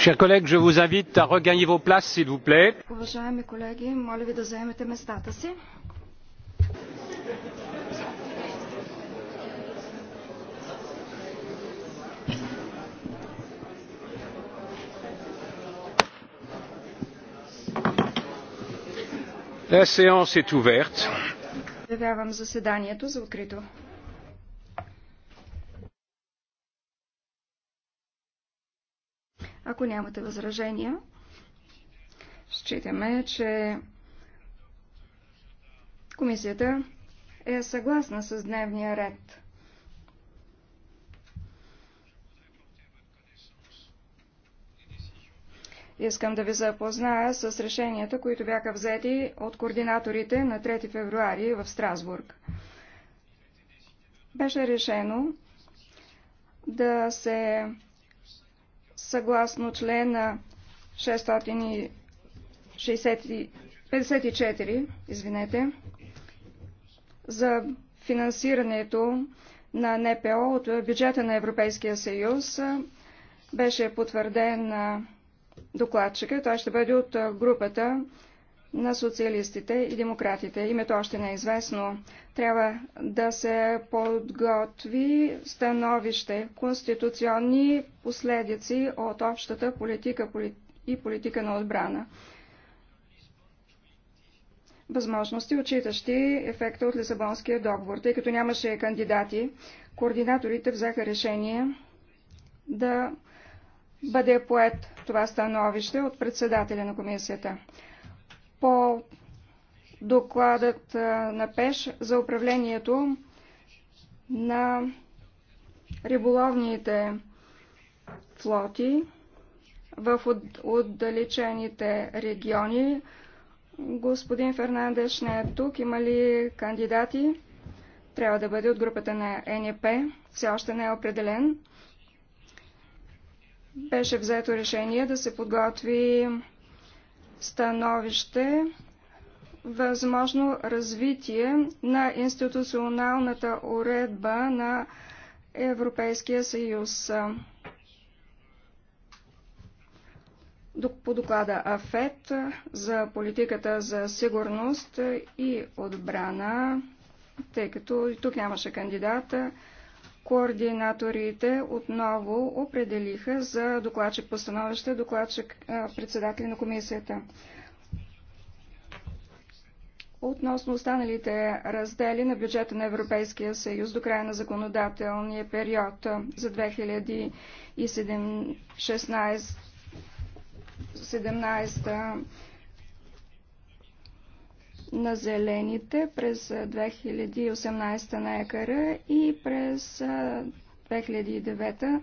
Chers collègues, je vous invite à regagner vos places, s'il vous plaît. Уважаеми колеги, моля ви да заемете местата си. La séance est ouverte. Обявявам заседанието за открито. Ако нямате възражения, считаме, че комисията е съгласна с дневния ред. Искам да ви запозная с решенията, които бяха взети от координаторите на 3 февруари в Страсбург. Беше решено да се съгласно члена 654, извинете, за финансирането на НПО от бюджета на Европейския съюз беше потвърден докладчика. Той ще бъде от групата на социалистите и демократите. Името още не е известно. Трябва да се подготви становище конституционни последици от общата политика и политика на отбрана. Възможности, отчитащи ефекта от Лисабонския договор. Тъй като нямаше кандидати, координаторите взеха решение да бъде поет това становище от председателя на комисията по докладът на ПЕШ за управлението на риболовните флоти в отдалечените региони. Господин Фернандеш не е тук. Има ли кандидати? Трябва да бъде от групата на НЕП. Все още не е определен. Беше взето решение да се подготви становище възможно развитие на институционалната уредба на Европейския съюз. По доклада АФЕТ за политиката за сигурност и отбрана, тъй като и тук нямаше кандидата, Координаторите отново определиха за докладчик по становище, докладчик председател на комисията. Относно останалите раздели на бюджета на Европейския съюз до края на законодателния период за 2016 17 на зелените през 2018 на ЕКР и през 2009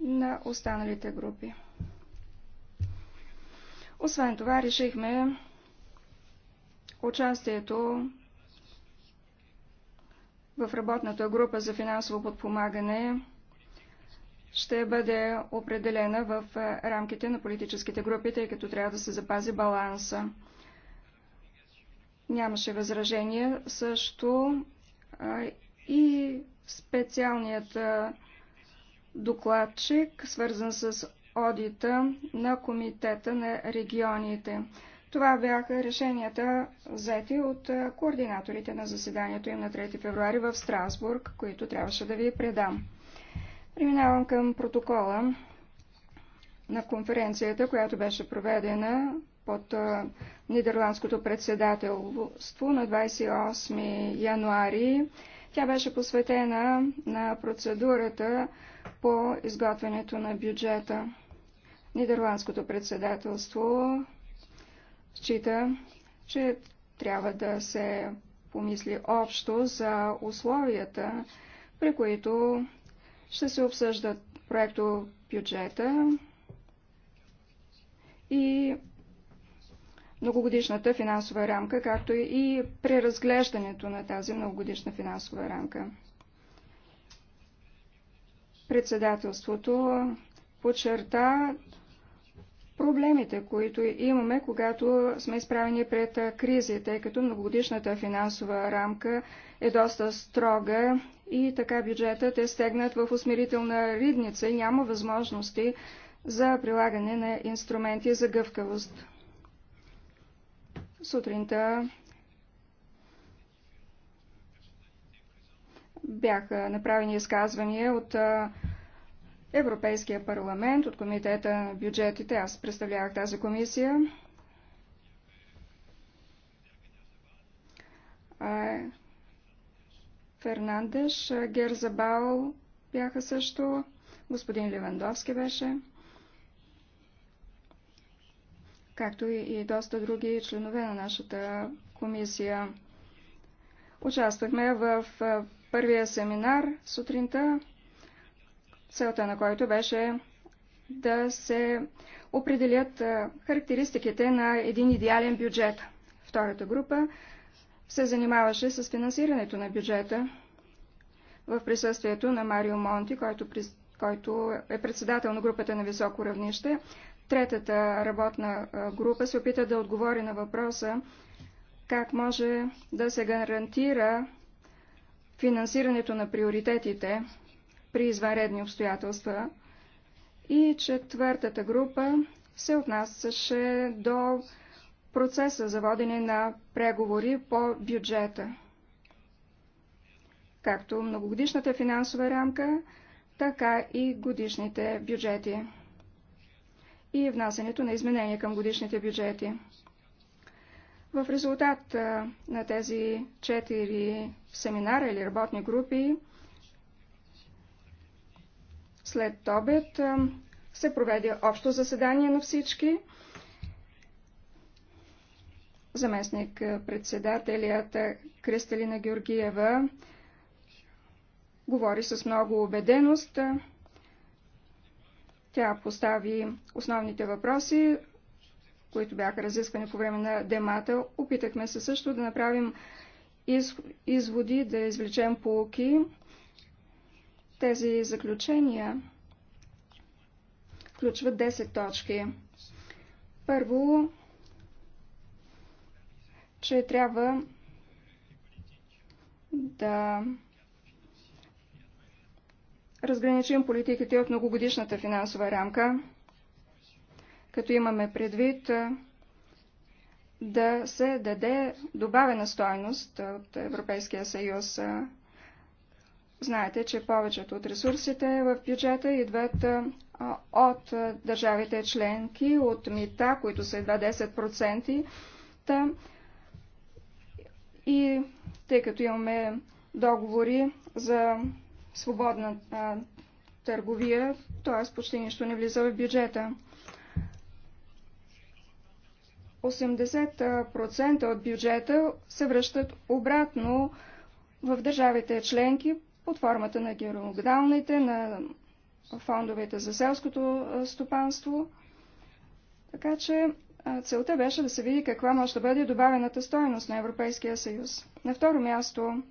на останалите групи. Освен това, решихме участието в работната група за финансово подпомагане ще бъде определена в рамките на политическите групи, тъй като трябва да се запази баланса. Нямаше възражение също и специалният докладчик, свързан с одита на Комитета на регионите. Това бяха решенията взети от координаторите на заседанието им на 3 февруари в Страсбург, които трябваше да ви предам. Преминавам към протокола на конференцията, която беше проведена под Нидерландското председателство на 28 януари. Тя беше посветена на процедурата по изготвянето на бюджета. Нидерландското председателство счита, че трябва да се помисли общо за условията, при които ще се обсъждат проекто бюджета и многогодишната финансова рамка, както и преразглеждането на тази многогодишна финансова рамка. Председателството подчерта проблемите, които имаме, когато сме изправени пред кризи, тъй като многогодишната финансова рамка е доста строга и така бюджетът е стегнат в усмирителна ридница и няма възможности за прилагане на инструменти за гъвкавост. Сутринта бяха направени изказвания от Европейския парламент, от Комитета на бюджетите. Аз представлявах тази комисия. Фернандеш, Герзабал бяха също, господин Левандовски беше, както и доста други членове на нашата комисия. Участвахме в първия семинар сутринта, целта на който беше да се определят характеристиките на един идеален бюджет. Втората група се занимаваше с финансирането на бюджета в присъствието на Марио Монти, който, който е председател на групата на високо равнище. Третата работна група се опита да отговори на въпроса как може да се гарантира финансирането на приоритетите при извънредни обстоятелства. И четвъртата група се отнасяше до процеса за водене на преговори по бюджета, както многогодишната финансова рамка, така и годишните бюджети и внасянето на изменения към годишните бюджети. В резултат на тези четири семинара или работни групи след обед се проведе общо заседание на всички заместник председателят Кристалина Георгиева говори с много убеденост. Тя постави основните въпроси, които бяха разисквани по време на демата. Опитахме се също да направим изводи, да извлечем полки. Тези заключения включват 10 точки. Първо, че трябва да разграничим политиките от многогодишната финансова рамка, като имаме предвид да се даде добавена стойност от Европейския съюз. Знаете, че повечето от ресурсите в бюджета идват от държавите членки, от мита, които са едва 10%. И тъй като имаме договори за свободна а, търговия, т.е. почти нищо не влиза в бюджета. 80% от бюджета се връщат обратно в държавите членки под формата на геронодалните, на фондовете за селското стопанство. Така че целта беше да се види каква може да бъде добавената стоеност на Европейския съюз. На второ място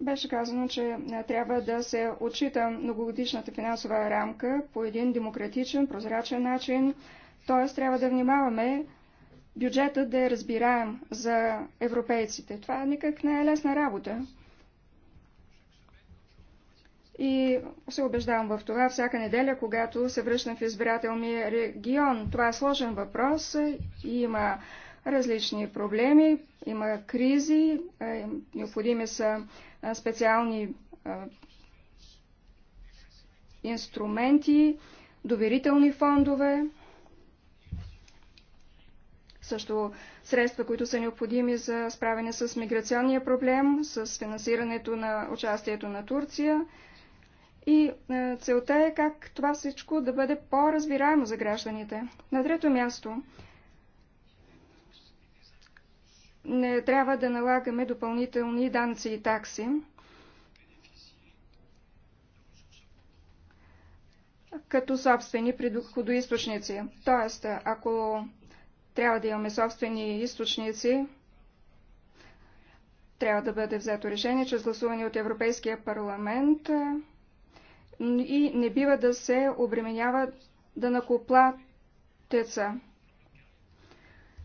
беше казано, че трябва да се отчита многогодишната финансова рамка по един демократичен, прозрачен начин, т.е. трябва да внимаваме бюджетът да е разбираем за европейците. Това никак не е лесна работа. И се убеждавам в това всяка неделя, когато се връщам в избирателния регион. Това е сложен въпрос. Има различни проблеми, има кризи, необходими са специални инструменти, доверителни фондове, също средства, които са необходими за справяне с миграционния проблем, с финансирането на участието на Турция. И е, целта е как това всичко да бъде по-разбираемо за гражданите. На трето място, не трябва да налагаме допълнителни данци и такси. като собствени предходоисточници. Тоест, ако трябва да имаме собствени източници, трябва да бъде взето решение чрез гласуване от Европейския парламент и не бива да се обременява данакоплатеца.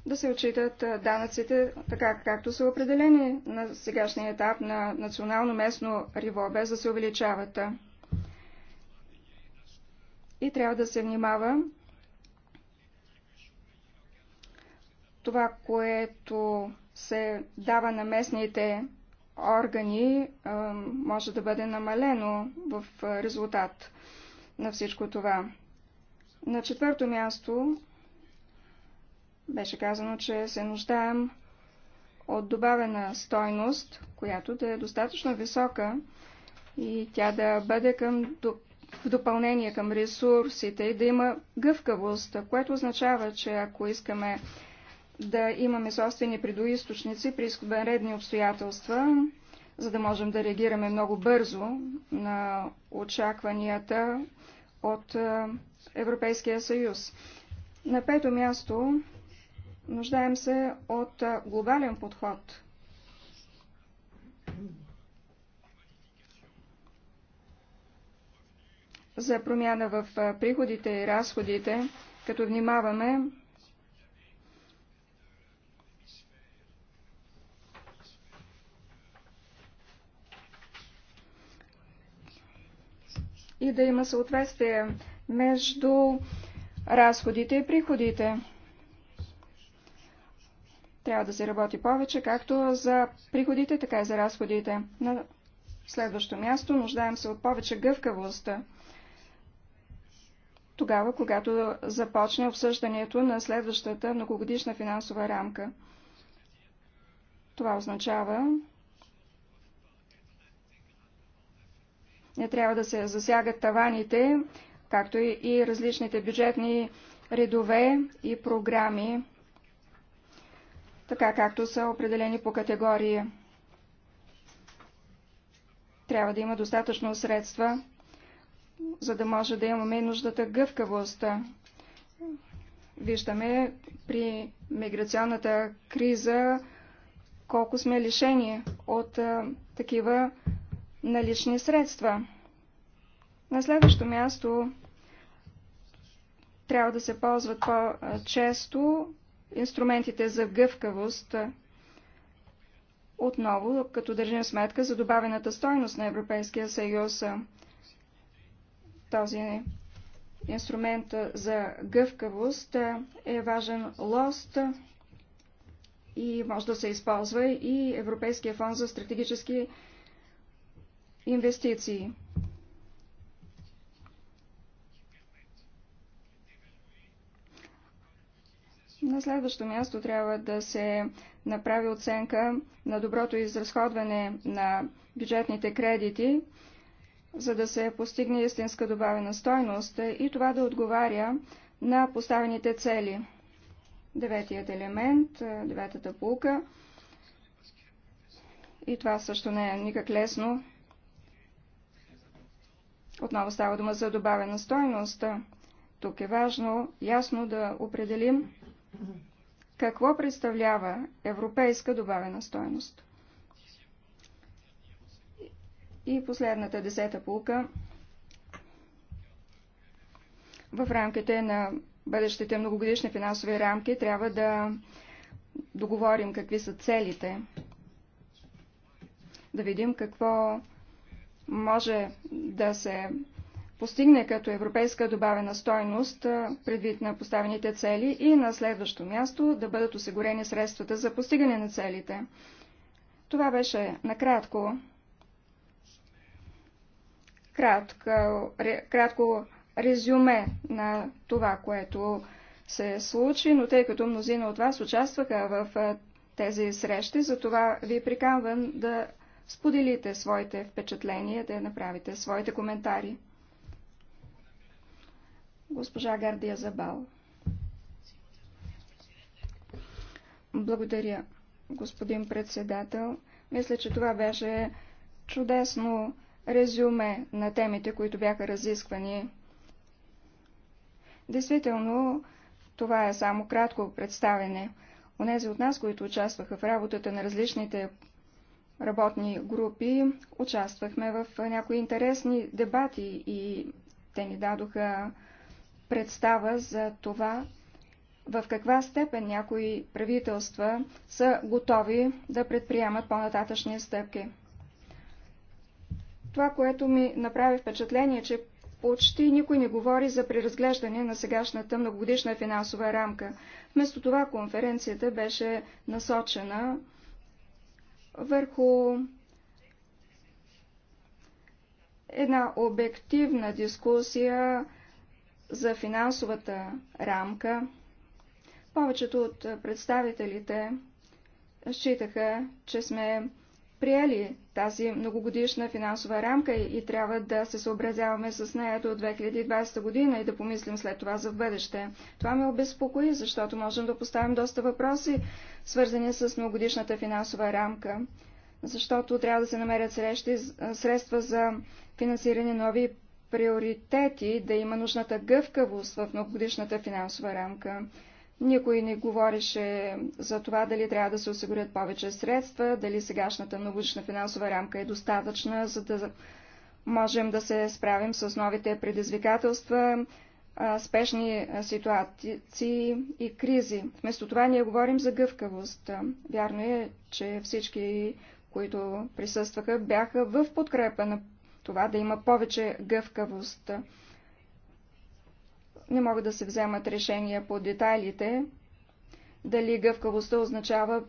Да се отчитат данъците така, както са определени на сегашния етап на национално-местно риво, без да се увеличават. И трябва да се внимава това, което се дава на местните органи може да бъде намалено в резултат на всичко това. На четвърто място беше казано, че се нуждаем от добавена стойност, която да е достатъчно висока и тя да бъде към, в допълнение към ресурсите и да има гъвкавост, което означава, че ако искаме да имаме собствени предоисточници при изредни обстоятелства, за да можем да реагираме много бързо на очакванията от Европейския съюз. На пето място нуждаем се от глобален подход. За промяна в приходите и разходите, като внимаваме и да има съответствие между разходите и приходите. Трябва да се работи повече, както за приходите, така и за разходите. На следващо място нуждаем се от повече гъвкавост. Тогава, когато започне обсъждането на следващата многогодишна финансова рамка. Това означава, не трябва да се засягат таваните, както и различните бюджетни редове и програми, така както са определени по категории. Трябва да има достатъчно средства, за да може да имаме нуждата гъвкавост. Виждаме при миграционната криза колко сме лишени от а, такива налични средства. На следващо място трябва да се ползват по-често инструментите за гъвкавост, отново като държим сметка за добавената стойност на Европейския съюз. Този инструмент за гъвкавост е важен лост и може да се използва и Европейския фонд за стратегически инвестиции. На следващо място трябва да се направи оценка на доброто изразходване на бюджетните кредити, за да се постигне истинска добавена стойност и това да отговаря на поставените цели. Деветият елемент, деветата полука. И това също не е никак лесно. Отново става дума за добавена стойност. Тук е важно ясно да определим какво представлява европейска добавена стойност. И последната десета полка в рамките на бъдещите многогодишни финансови рамки трябва да договорим какви са целите, да видим какво може да се постигне като европейска добавена стойност предвид на поставените цели и на следващо място да бъдат осигурени средствата за постигане на целите. Това беше накратко кратко, кратко резюме на това, което се случи, но тъй като мнозина от вас участваха в тези срещи, затова ви приканвам да споделите своите впечатления, да направите своите коментари. Госпожа Гардия Забал. Благодаря, господин председател. Мисля, че това беше чудесно резюме на темите, които бяха разисквани. Действително, това е само кратко представене. Онези от нас, които участваха в работата на различните работни групи участвахме в някои интересни дебати и те ни дадоха представа за това, в каква степен някои правителства са готови да предприемат по-нататъчни стъпки. Това, което ми направи впечатление, е, че почти никой не говори за преразглеждане на сегашната многогодишна финансова рамка. Вместо това конференцията беше насочена върху една обективна дискусия за финансовата рамка. Повечето от представителите считаха, че сме приели тази многогодишна финансова рамка и трябва да се съобразяваме с нея до 2020 година и да помислим след това за бъдеще. Това ме обезпокои, защото можем да поставим доста въпроси, свързани с многогодишната финансова рамка, защото трябва да се намерят срещи, средства за финансиране нови приоритети, да има нужната гъвкавост в многогодишната финансова рамка. Никой не говореше за това дали трябва да се осигурят повече средства, дали сегашната научна финансова рамка е достатъчна, за да можем да се справим с новите предизвикателства, спешни ситуации и кризи. Вместо това ние говорим за гъвкавост. Вярно е, че всички, които присъстваха, бяха в подкрепа на това да има повече гъвкавост не могат да се вземат решения по детайлите, дали гъвкавостта означава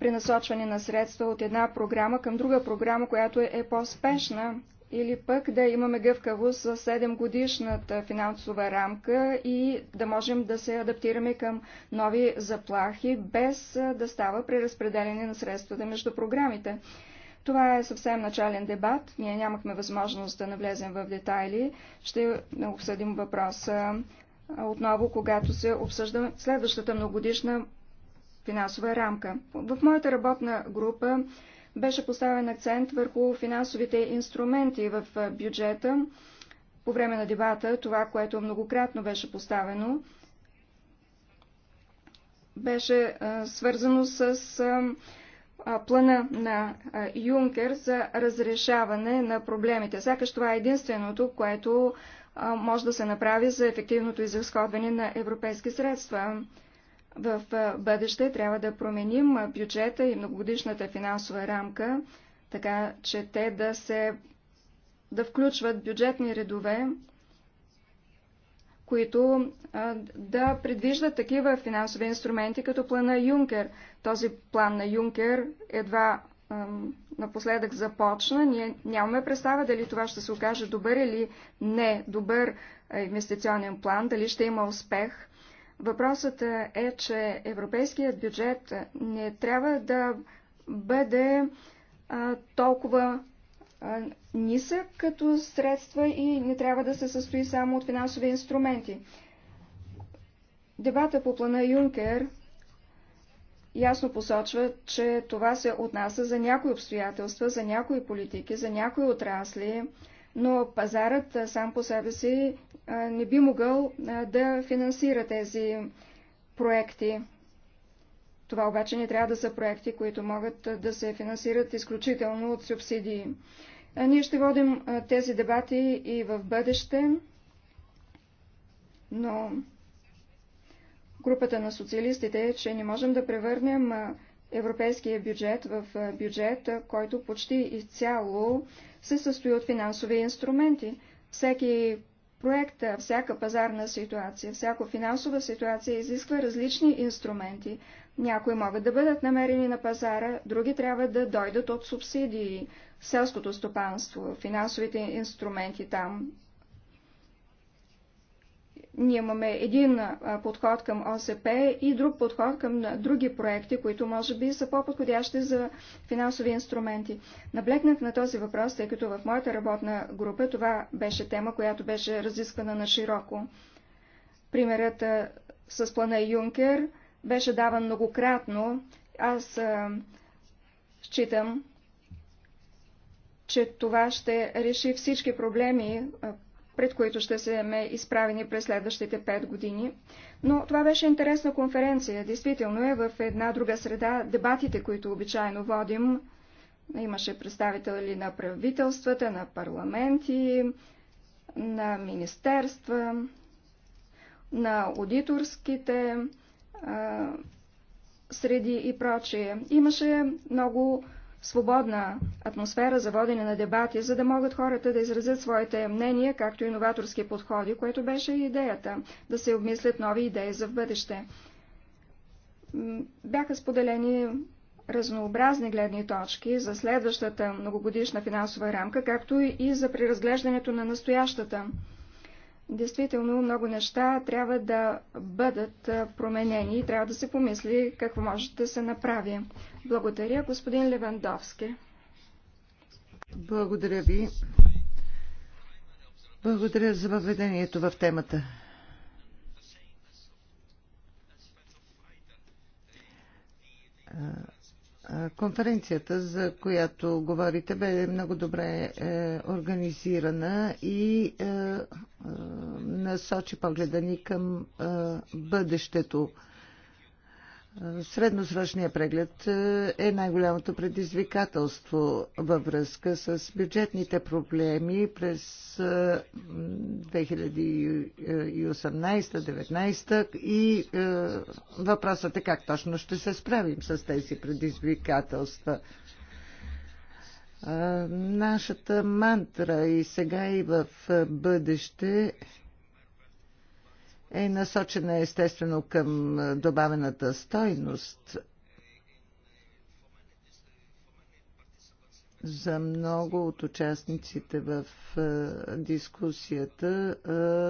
пренасочване на средства от една програма към друга програма, която е по-спешна, или пък да имаме гъвкавост за 7 годишната финансова рамка и да можем да се адаптираме към нови заплахи, без да става преразпределение на средствата между програмите. Това е съвсем начален дебат. Ние нямахме възможност да навлезем в детайли. Ще обсъдим въпроса отново, когато се обсъжда следващата многогодишна финансова рамка. В моята работна група беше поставен акцент върху финансовите инструменти в бюджета. По време на дебата това, което многократно беше поставено, беше свързано с плана на Юнкер за разрешаване на проблемите. Сякаш това е единственото, което може да се направи за ефективното изразходване на европейски средства. В бъдеще трябва да променим бюджета и многогодишната финансова рамка, така че те да се да включват бюджетни редове, които а, да предвиждат такива финансови инструменти, като плана Юнкер. Този план на Юнкер едва а, напоследък започна. Ние нямаме представа дали това ще се окаже добър или не добър инвестиционен план, дали ще има успех. Въпросът е, че европейският бюджет не трябва да бъде а, толкова нисък като средства и не трябва да се състои само от финансови инструменти. Дебата по плана Юнкер ясно посочва, че това се отнася за някои обстоятелства, за някои политики, за някои отрасли, но пазарът сам по себе си не би могъл да финансира тези проекти. Това обаче не трябва да са проекти, които могат да се финансират изключително от субсидии. Ние ще водим тези дебати и в бъдеще, но групата на социалистите е, че не можем да превърнем европейския бюджет в бюджет, който почти изцяло се състои от финансови инструменти. Всеки проекта. Всяка пазарна ситуация, всяко финансова ситуация изисква различни инструменти. Някои могат да бъдат намерени на пазара, други трябва да дойдат от субсидии, селското стопанство, финансовите инструменти там ние имаме един подход към ОСП и друг подход към други проекти, които може би са по-подходящи за финансови инструменти. Наблекнах на този въпрос, тъй като в моята работна група това беше тема, която беше разисквана на широко. Примерът с плана Юнкер беше даван многократно. Аз а, считам, че това ще реши всички проблеми, пред които ще ме изправени през следващите пет години. Но това беше интересна конференция. Действително е в една друга среда. Дебатите, които обичайно водим, имаше представители на правителствата, на парламенти, на министерства, на аудиторските а, среди и прочие. Имаше много свободна атмосфера за водене на дебати, за да могат хората да изразят своите мнения, както и новаторски подходи, което беше и идеята, да се обмислят нови идеи за в бъдеще. Бяха споделени разнообразни гледни точки за следващата многогодишна финансова рамка, както и за преразглеждането на настоящата. Действително много неща трябва да бъдат променени и трябва да се помисли какво може да се направи. Благодаря, господин Левандовски. Благодаря ви. Благодаря за въведението в темата. Конференцията, за която говорите, бе много добре е, организирана и е, е, насочи погледа ни към е, бъдещето. Средносрочният преглед е, е най-голямото предизвикателство във връзка с бюджетните проблеми през 2018-2019 е, и е, въпросът е как точно ще се справим с тези предизвикателства. Нашата мантра и сега и в бъдеще е насочена естествено към е, добавената стойност. За много от участниците в е, дискусията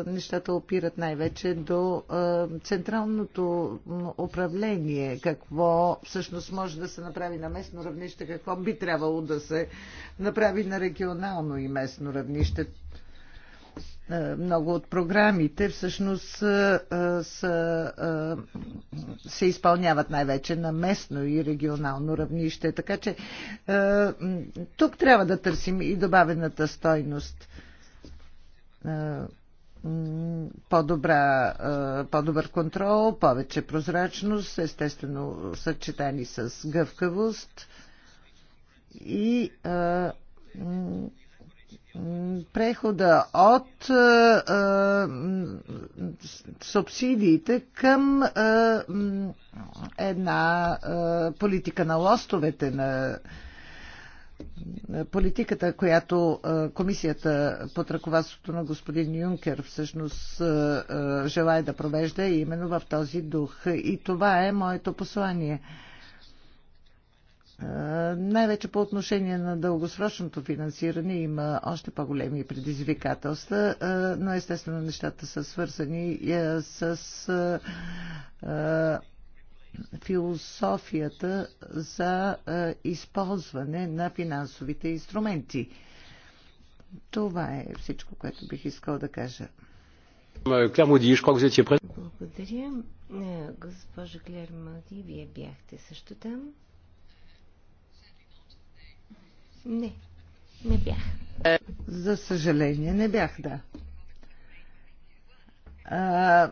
е, нещата опират най-вече до централното управление. Какво всъщност може да се направи на местно равнище, какво би трябвало да се направи на регионално и местно равнище. Е, много от програмите всъщност е, е, са, се изпълняват най-вече на местно и регионално равнище, така че тук трябва да търсим и добавената стойност по-добра, по-добър контрол, повече прозрачност, естествено съчетани с гъвкавост и прехода от а, е, е, субсидиите към а, е, една а, политика на лостовете, на политиката, която комисията под ръководството на господин Юнкер всъщност желая да провежда именно в този дух. И това е моето послание най-вече по отношение на дългосрочното финансиране има още по-големи предизвикателства, но естествено нещата са свързани с философията за използване на финансовите инструменти. Това е всичко, което бих искал да кажа. Благодаря. Е, Госпожа Клер Моди, вие бяхте също там. Не, не бях. За съжаление, не бях, да.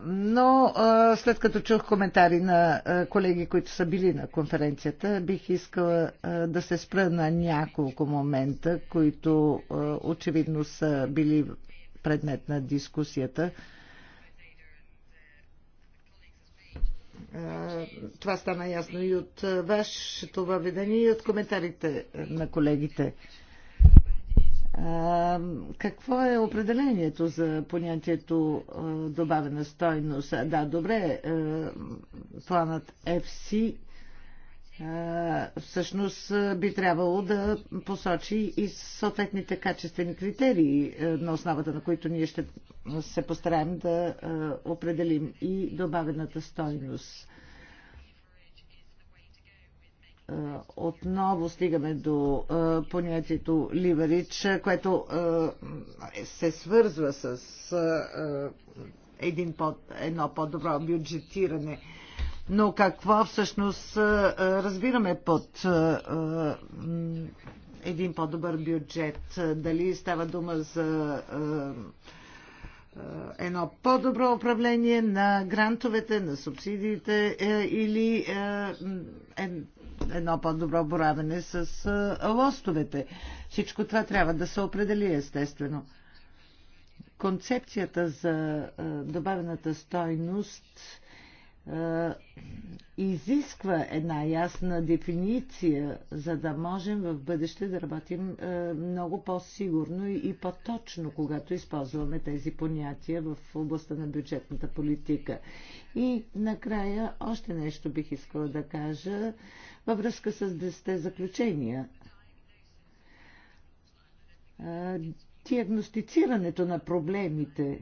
Но след като чух коментари на колеги, които са били на конференцията, бих искала да се спра на няколко момента, които очевидно са били предмет на дискусията. Това стана ясно и от вашето въведение и от коментарите на колегите. Какво е определението за понятието добавена стойност? Да, добре, планът FC всъщност би трябвало да посочи и съответните качествени критерии, на основата на които ние ще се постараем да определим и добавената стойност. Отново стигаме до понятието ливарич, което се свързва с един под, едно по-добро бюджетиране но какво всъщност разбираме под един по-добър бюджет? Дали става дума за едно по-добро управление на грантовете, на субсидиите или едно по-добро боравене с лостовете. Всичко това трябва да се определи естествено. Концепцията за добавената стойност изисква една ясна дефиниция, за да можем в бъдеще да работим много по-сигурно и по-точно, когато използваме тези понятия в областта на бюджетната политика. И накрая още нещо бих искала да кажа във връзка с 10 заключения. Диагностицирането на проблемите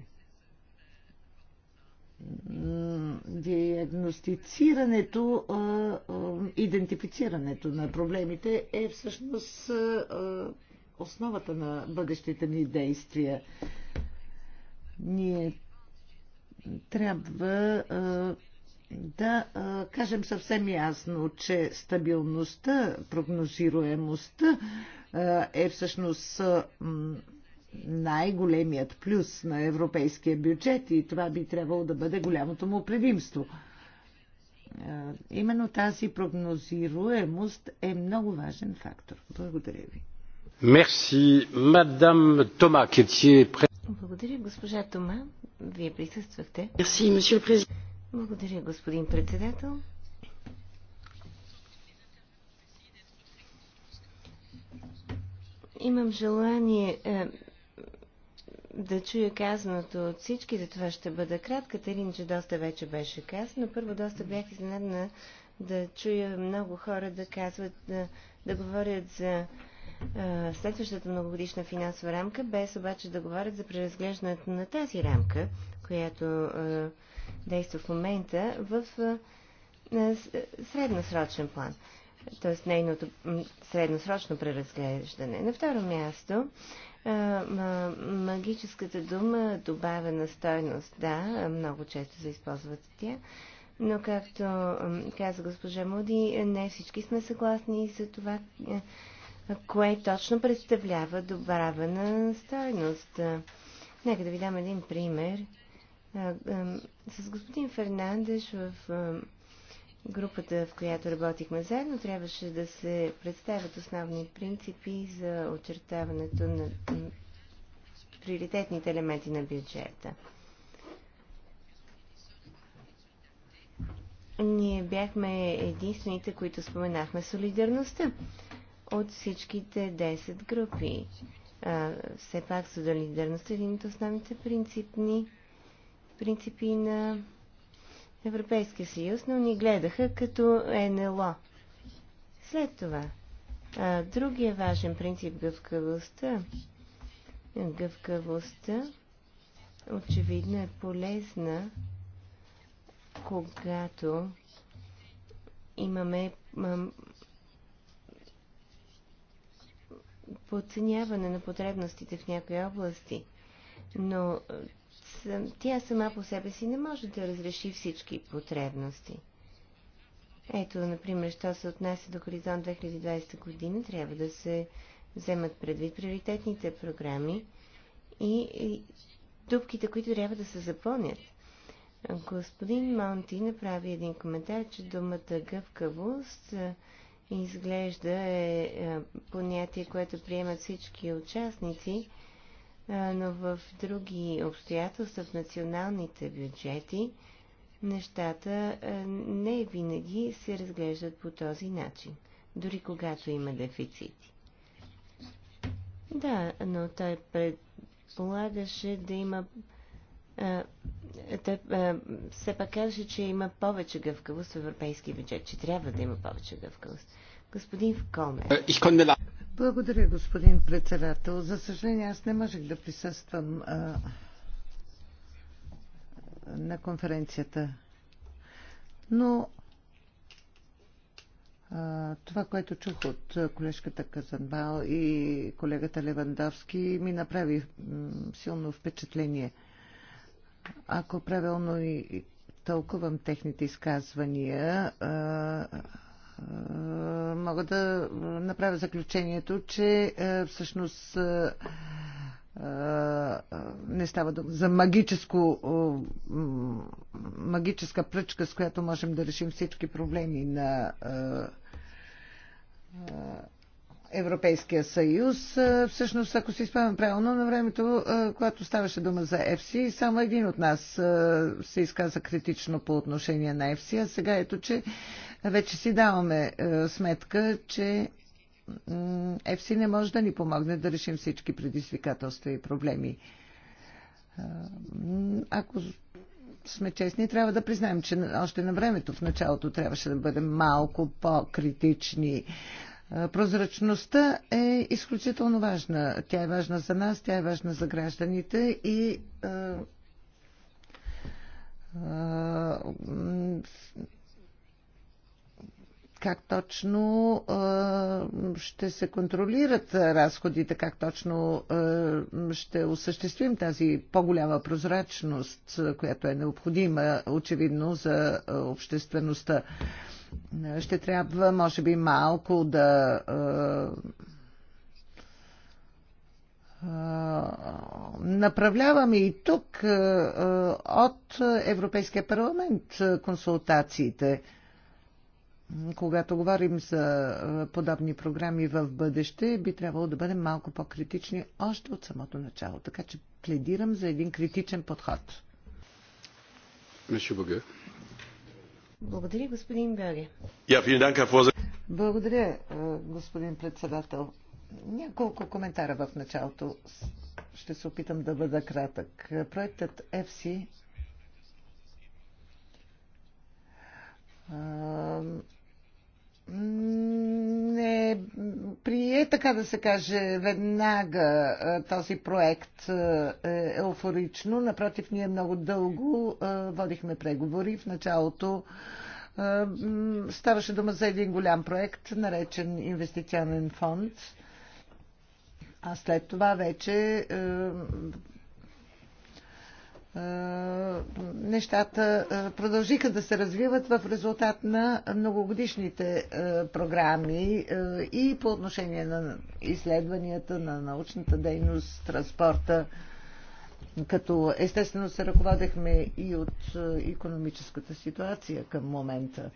диагностицирането, идентифицирането на проблемите е всъщност основата на бъдещите ни действия. Ние трябва да кажем съвсем ясно, че стабилността, прогнозируемостта е всъщност най-големият плюс на европейския бюджет и това би трябвало да бъде голямото му предимство. Именно тази прогнозируемост е много важен фактор. Благодаря ви. Мерси, мадам Тома, Благодаря, госпожа Тома. Вие присъствахте. Мерси, президент. Благодаря, господин председател. Имам желание е, да чуя казаното от всички, за това ще бъда кратка, тъй че доста вече беше казано. Първо доста бях изненадна да чуя много хора да казват, да, да говорят за а, следващата многогодишна финансова рамка, без обаче да говорят за преразглеждането на тази рамка, която а, действа в момента, в а, средносрочен план. Тоест нейното средносрочно преразглеждане. На второ място, е, магическата дума добавя на стойност. Да, много често се използват тя. Но както каза госпожа Муди, не всички сме съгласни за това, е, кое точно представлява добавена стойност. Нека да ви дам един пример. Е, с господин Фернандеш в групата, в която работихме заедно, трябваше да се представят основни принципи за очертаването на приоритетните елементи на бюджета. Ние бяхме единствените, които споменахме солидарността от всичките 10 групи. А, все пак солидарността е един от основните принципни принципи на Европейския съюз, но ни гледаха като НЛО. След това, а, другия важен принцип гъвкавостта. Гъвкавостта очевидно е полезна, когато имаме подценяване на потребностите в някои области. Но тя сама по себе си не може да разреши всички потребности. Ето, например, що се отнася до Хоризонт 2020 година, трябва да се вземат предвид приоритетните програми и, и дупките, които трябва да се запълнят. Господин Монти направи един коментар, че думата гъвкавост изглежда е понятие, което приемат всички участници но в други обстоятелства, в националните бюджети, нещата не винаги се разглеждат по този начин, дори когато има дефицити. Да, но той предполагаше да има. той все пак каже, че има повече гъвкавост в европейски бюджет, че трябва да има повече гъвкавост. Господин Вкомер. Е, благодаря, господин председател. За съжаление, аз не можех да присъствам а, на конференцията. Но а, това, което чух от колежката Казанбал и колегата Левандовски, ми направи силно впечатление. Ако правилно и тълкувам техните изказвания, а, е, мога да направя заключението, че е, всъщност е, не става дума за магическо, магическа пръчка, с която можем да решим всички проблеми на Европейския съюз. Всъщност, ако си спомням правилно, на времето, когато ставаше дума за ЕФСИ, само един от нас се изказа критично по отношение на ЕФСИ, а сега ето, че вече си даваме сметка, че ЕФСИ не може да ни помогне да решим всички предизвикателства и проблеми. Ако сме честни, трябва да признаем, че още на времето в началото трябваше да бъдем малко по-критични. Прозрачността е изключително важна. Тя е важна за нас, тя е важна за гражданите и е, е, как точно е, ще се контролират разходите, как точно ще осъществим тази по-голяма прозрачност, която е необходима очевидно за обществеността. Ще трябва, може би, малко да направляваме и тук от Европейския парламент консултациите, когато говорим за подобни програми в бъдеще, би трябвало да бъдем малко по-критични още от самото начало. Така че пледирам за един критичен подход. Monsieur благодаря, господин Белге. Благодаря, господин председател. Няколко коментара в началото. Ще се опитам да бъда кратък. Проектът FC Е така да се каже, веднага този проект е еуфорично. Напротив, ние много дълго водихме преговори. В началото ставаше дума за един голям проект, наречен инвестиционен фонд. А след това вече е, нещата е, продължиха да се развиват в резултат на многогодишните е, програми и по отношение на изследванията, на научната дейност, транспорта, като естествено се ръководехме и от економическата ситуация към момента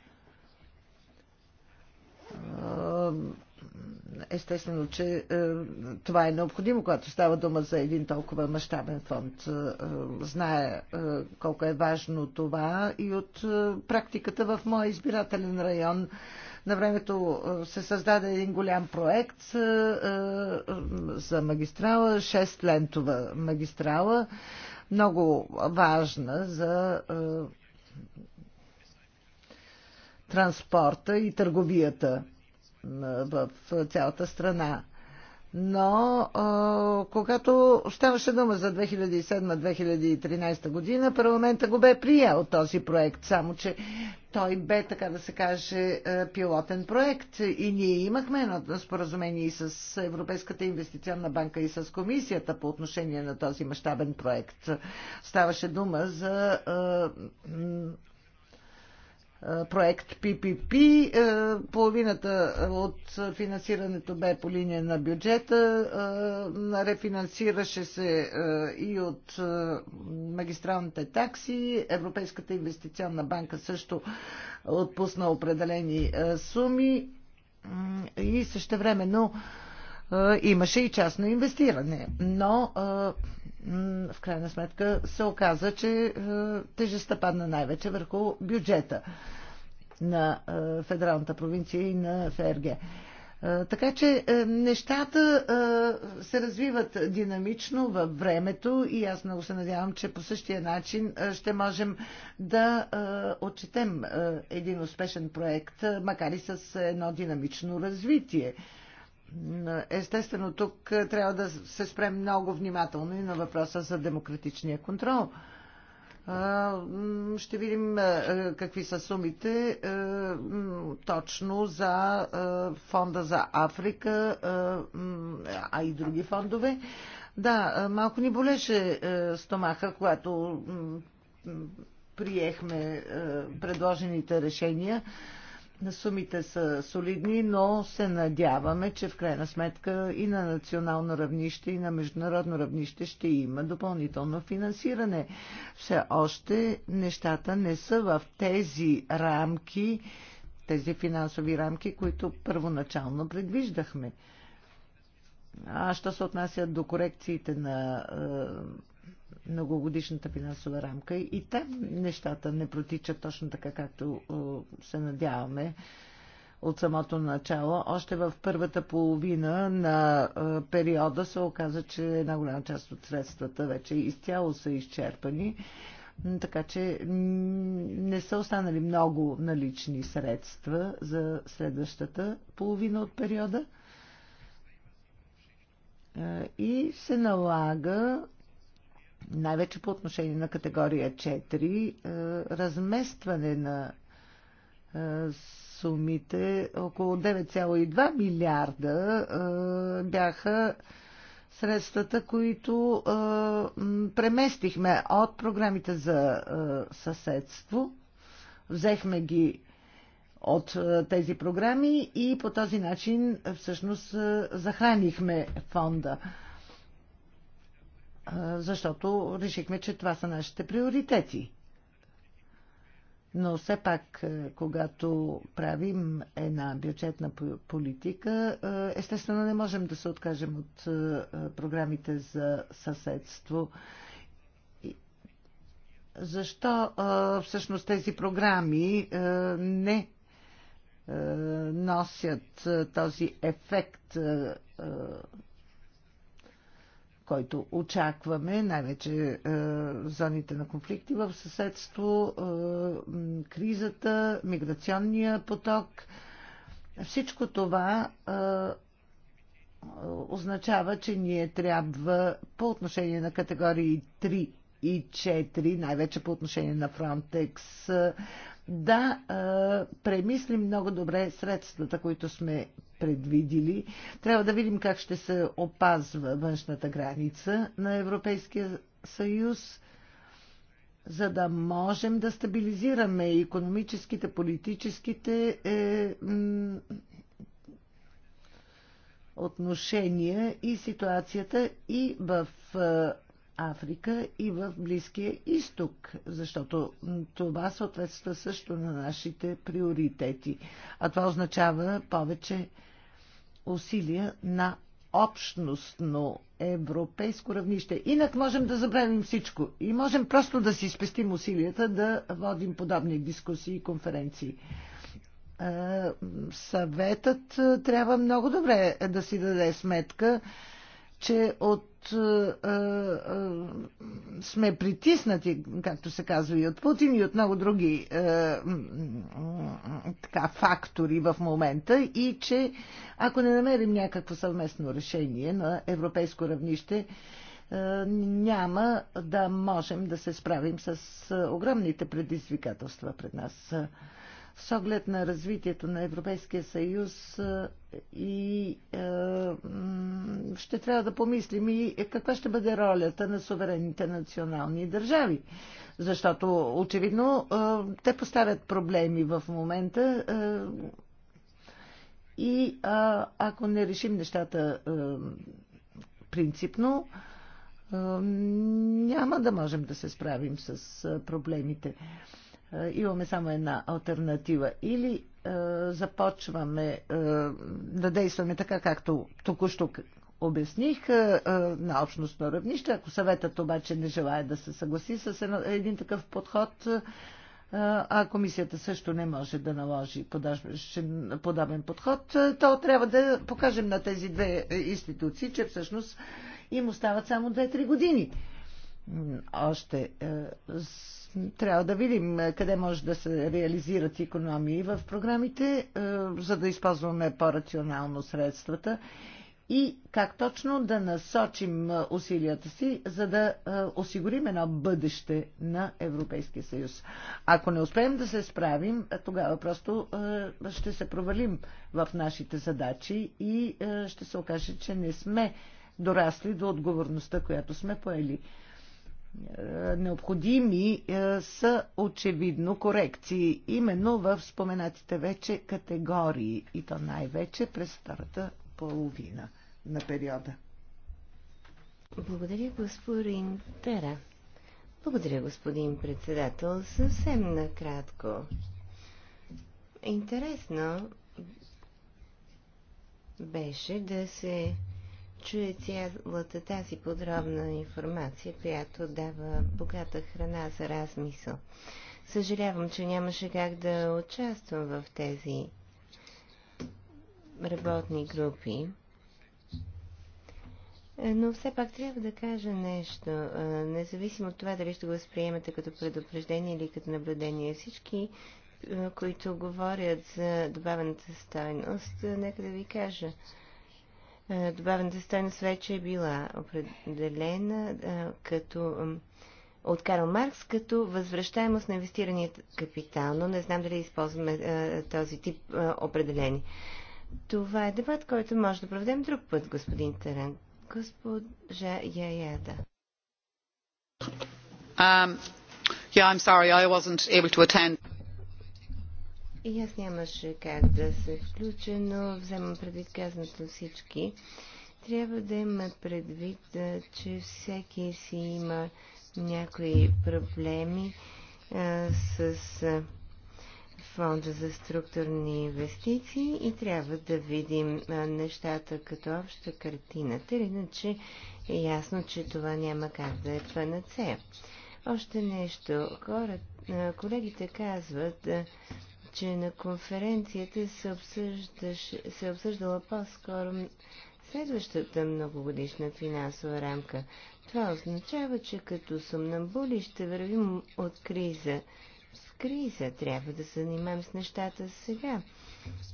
Естествено, че е, това е необходимо, когато става дума за един толкова мащабен фонд. Е, е, знае колко е важно това и от практиката в моя избирателен район. На времето се създаде един голям проект за магистрала, 6 лентова магистрала, много важна за транспорта и търговията в цялата страна. Но когато ставаше дума за 2007-2013 година, парламента го бе приел този проект, само че той бе, така да се каже, е, пилотен проект. И ние имахме едно споразумение и с Европейската инвестиционна банка и с комисията по отношение на този мащабен проект. Ставаше дума за е, проект PPP. Е, половината от финансирането бе по линия на бюджета. Е, рефинансираше се е, и от магистралните такси. Европейската инвестиционна банка също отпусна определени суми и също времено имаше и частно инвестиране. Но в крайна сметка се оказа, че е, тежестта падна най-вече върху бюджета на е, федералната провинция и на ФРГ. Е, така че нещата се развиват динамично във времето и аз много се надявам, че по същия начин ще можем да отчетем един успешен проект, макар и с едно динамично развитие. Естествено, тук е, трябва да се спрем много внимателно и на въпроса за демократичния контрол. Ще видим е, какви са сумите е, точно за фонда за Африка, а и други фондове. Да, малко ни болеше стомаха, когато приехме предложените решения. Сумите са солидни, но се надяваме, че в крайна сметка и на национално равнище, и на международно равнище ще има допълнително финансиране. Все още нещата не са в тези рамки, тези финансови рамки, които първоначално предвиждахме. А що се отнася до корекциите на е, многогодишната финансова рамка и там нещата не протичат точно така, както се надяваме от самото начало. Още в първата половина на периода се оказа, че една голяма част от средствата вече изцяло са изчерпани, така че не са останали много налични средства за следващата половина от периода е, и се налага най-вече по отношение на категория 4, е, разместване на е, сумите, около 9,2 милиарда е, бяха средствата, които преместихме от програмите за съседство. Взехме ги от тези програми и по този начин всъщност захранихме фонда защото решихме, че това са нашите приоритети. Но все пак, е, когато правим една бюджетна политика, е, естествено не можем да се откажем от е, програмите за съседство. Защо всъщност тези програми не носят този ефект който очакваме, най-вече е, зоните на конфликти в съседство, е, кризата, миграционния поток. Всичко това е, означава, че ние трябва по отношение на категории 3 и 4, най-вече по отношение на Frontex, да а, премислим много добре средствата, които сме предвидили. Трябва да видим как ще се опазва външната граница на Европейския съюз, за да можем да стабилизираме економическите, политическите е, отношения и ситуацията и в е, Африка и в Близкия изток, защото това съответства също на нашите приоритети. А това означава повече усилия на общностно европейско равнище. Инак можем да забравим всичко и можем просто да си спестим усилията да водим подобни дискусии и конференции. Съветът трябва много добре да си даде сметка, че от а, а, сме притиснати, както се казва, и от Путин, и от много други а, така, фактори в момента и че ако не намерим някакво съвместно решение на европейско равнище, няма да можем да се справим с огромните предизвикателства пред нас с оглед на развитието на Европейския съюз и ще трябва да помислим и каква ще бъде ролята на суверените национални държави. Защото очевидно те поставят проблеми в момента и ако не решим нещата принципно, няма да можем да се справим с проблемите имаме само една альтернатива. Или е, започваме е, да действаме така, както току-що обясних е, е, на общностно равнище. Ако съветът обаче не желая да се съгласи с едно, един такъв подход, е, а комисията също не може да наложи подобен подход, то трябва да покажем на тези две институции, че всъщност им остават само 2-3 години. Още е, трябва да видим е, къде може да се реализират економии в програмите, е, за да използваме по-рационално средствата и как точно да насочим е, усилията си, за да осигурим едно бъдеще на Европейския съюз. Ако не успеем да се справим, тогава просто ще се провалим в нашите задачи и ще се окаже, че не сме дорасли до отговорността, която сме поели. Е, необходими е, са очевидно корекции именно в споменатите вече категории и то най-вече през втората половина на периода. Благодаря, господин Тера. Благодаря, господин председател. Съвсем накратко. Интересно беше да се чуе цялата тази подробна информация, която дава богата храна за размисъл. Съжалявам, че нямаше как да участвам в тези работни групи. Но все пак трябва да кажа нещо. Независимо от това дали ще го възприемете като предупреждение или като наблюдение, всички, които говорят за добавената стойност, нека да ви кажа – е, добавената стойност вече е била определена е, като от Карл Маркс като възвръщаемост на инвестирания капитал, но не знам дали използваме е, този тип определени. Това е дебат, който може да проведем друг път, господин Таран. Госпожа Яяда. Um, yeah, I'm sorry, I wasn't able to attend. И аз нямаше как да се включа, но вземам предвид казаното всички. Трябва да има предвид, че всеки си има някои проблеми а, с фонда за структурни инвестиции и трябва да видим а, нещата като обща картината, иначе е ясно, че това няма как да е панацея. Още нещо. Хората, колегите казват, че на конференцията се, обсъждаш, се е обсъждала по-скоро следващата многогодишна финансова рамка. Това означава, че като съм боли, ще вървим от криза с криза. Трябва да се занимаем с нещата сега.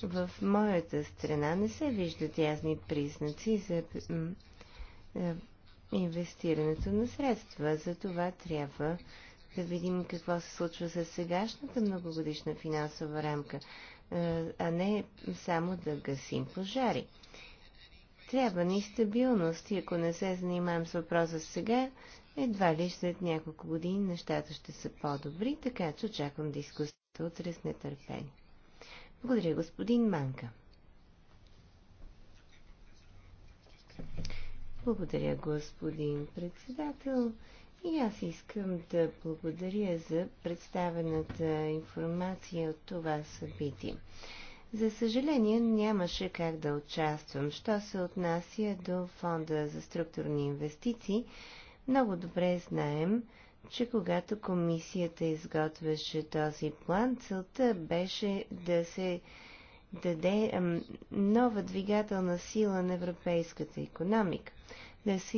В моята страна не се виждат ясни признаци за е, инвестирането на средства. За това трябва да видим какво се случва с сегашната многогодишна финансова рамка, е, а не само да гасим пожари. Трябва ни стабилност и ако не се занимаем с въпроса сега, едва ли след няколко години нещата ще са по-добри, така че очаквам дискусията утре с нетърпение. Благодаря, господин Манка. Благодаря, господин председател. И аз искам да благодаря за представената информация от това събитие. За съжаление нямаше как да участвам. Що се отнася до Фонда за структурни инвестиции, много добре знаем, че когато комисията изготвяше този план, целта беше да се даде нова двигателна сила на европейската економика да се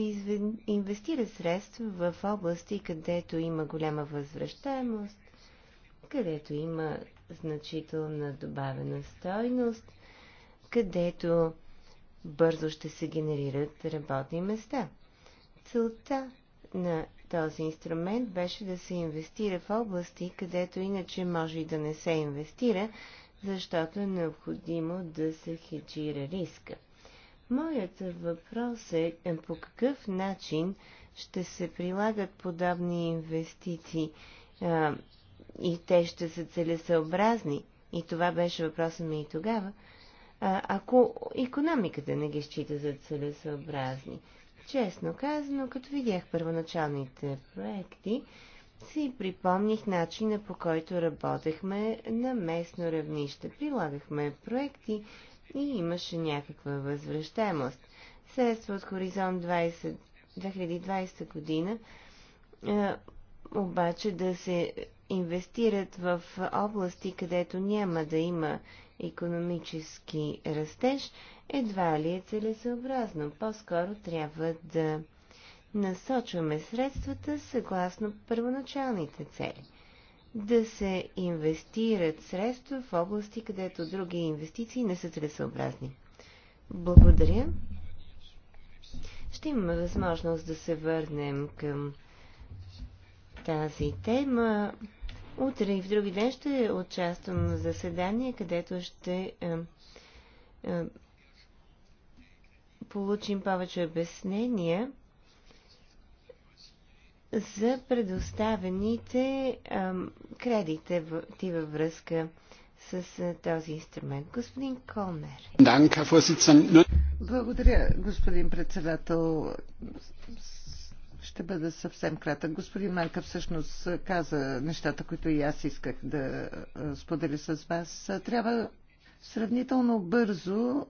инвестира средства в области, където има голяма възвръщаемост, където има значителна добавена стойност, където бързо ще се генерират работни места. Целта на този инструмент беше да се инвестира в области, където иначе може и да не се инвестира, защото е необходимо да се хеджира риска. Моят въпрос е, е по какъв начин ще се прилагат подобни инвестиции а, и те ще са целесъобразни. И това беше въпросът ми и тогава. А, ако економиката не ги счита за целесъобразни. Честно казано, като видях първоначалните проекти, си припомних начина по който работехме на местно равнище. Прилагахме проекти, и имаше някаква възвръщаемост. Средства от Хоризонт 20, 2020 година е, обаче да се инвестират в области, където няма да има економически растеж, едва ли е целесъобразно. По-скоро трябва да насочваме средствата съгласно първоначалните цели – да се инвестират средства в области, където други инвестиции не са целесообразни. Благодаря. Ще имаме възможност да се върнем към тази тема. Утре и в други ден ще участвам на заседание, където ще а, е, а, е, получим повече обяснения за предоставените ам, ти във връзка с този инструмент. Господин Колнер, Благодаря, господин председател. Ще бъда съвсем кратък. Господин Марка всъщност каза нещата, които и аз исках да споделя с вас. Трябва сравнително бързо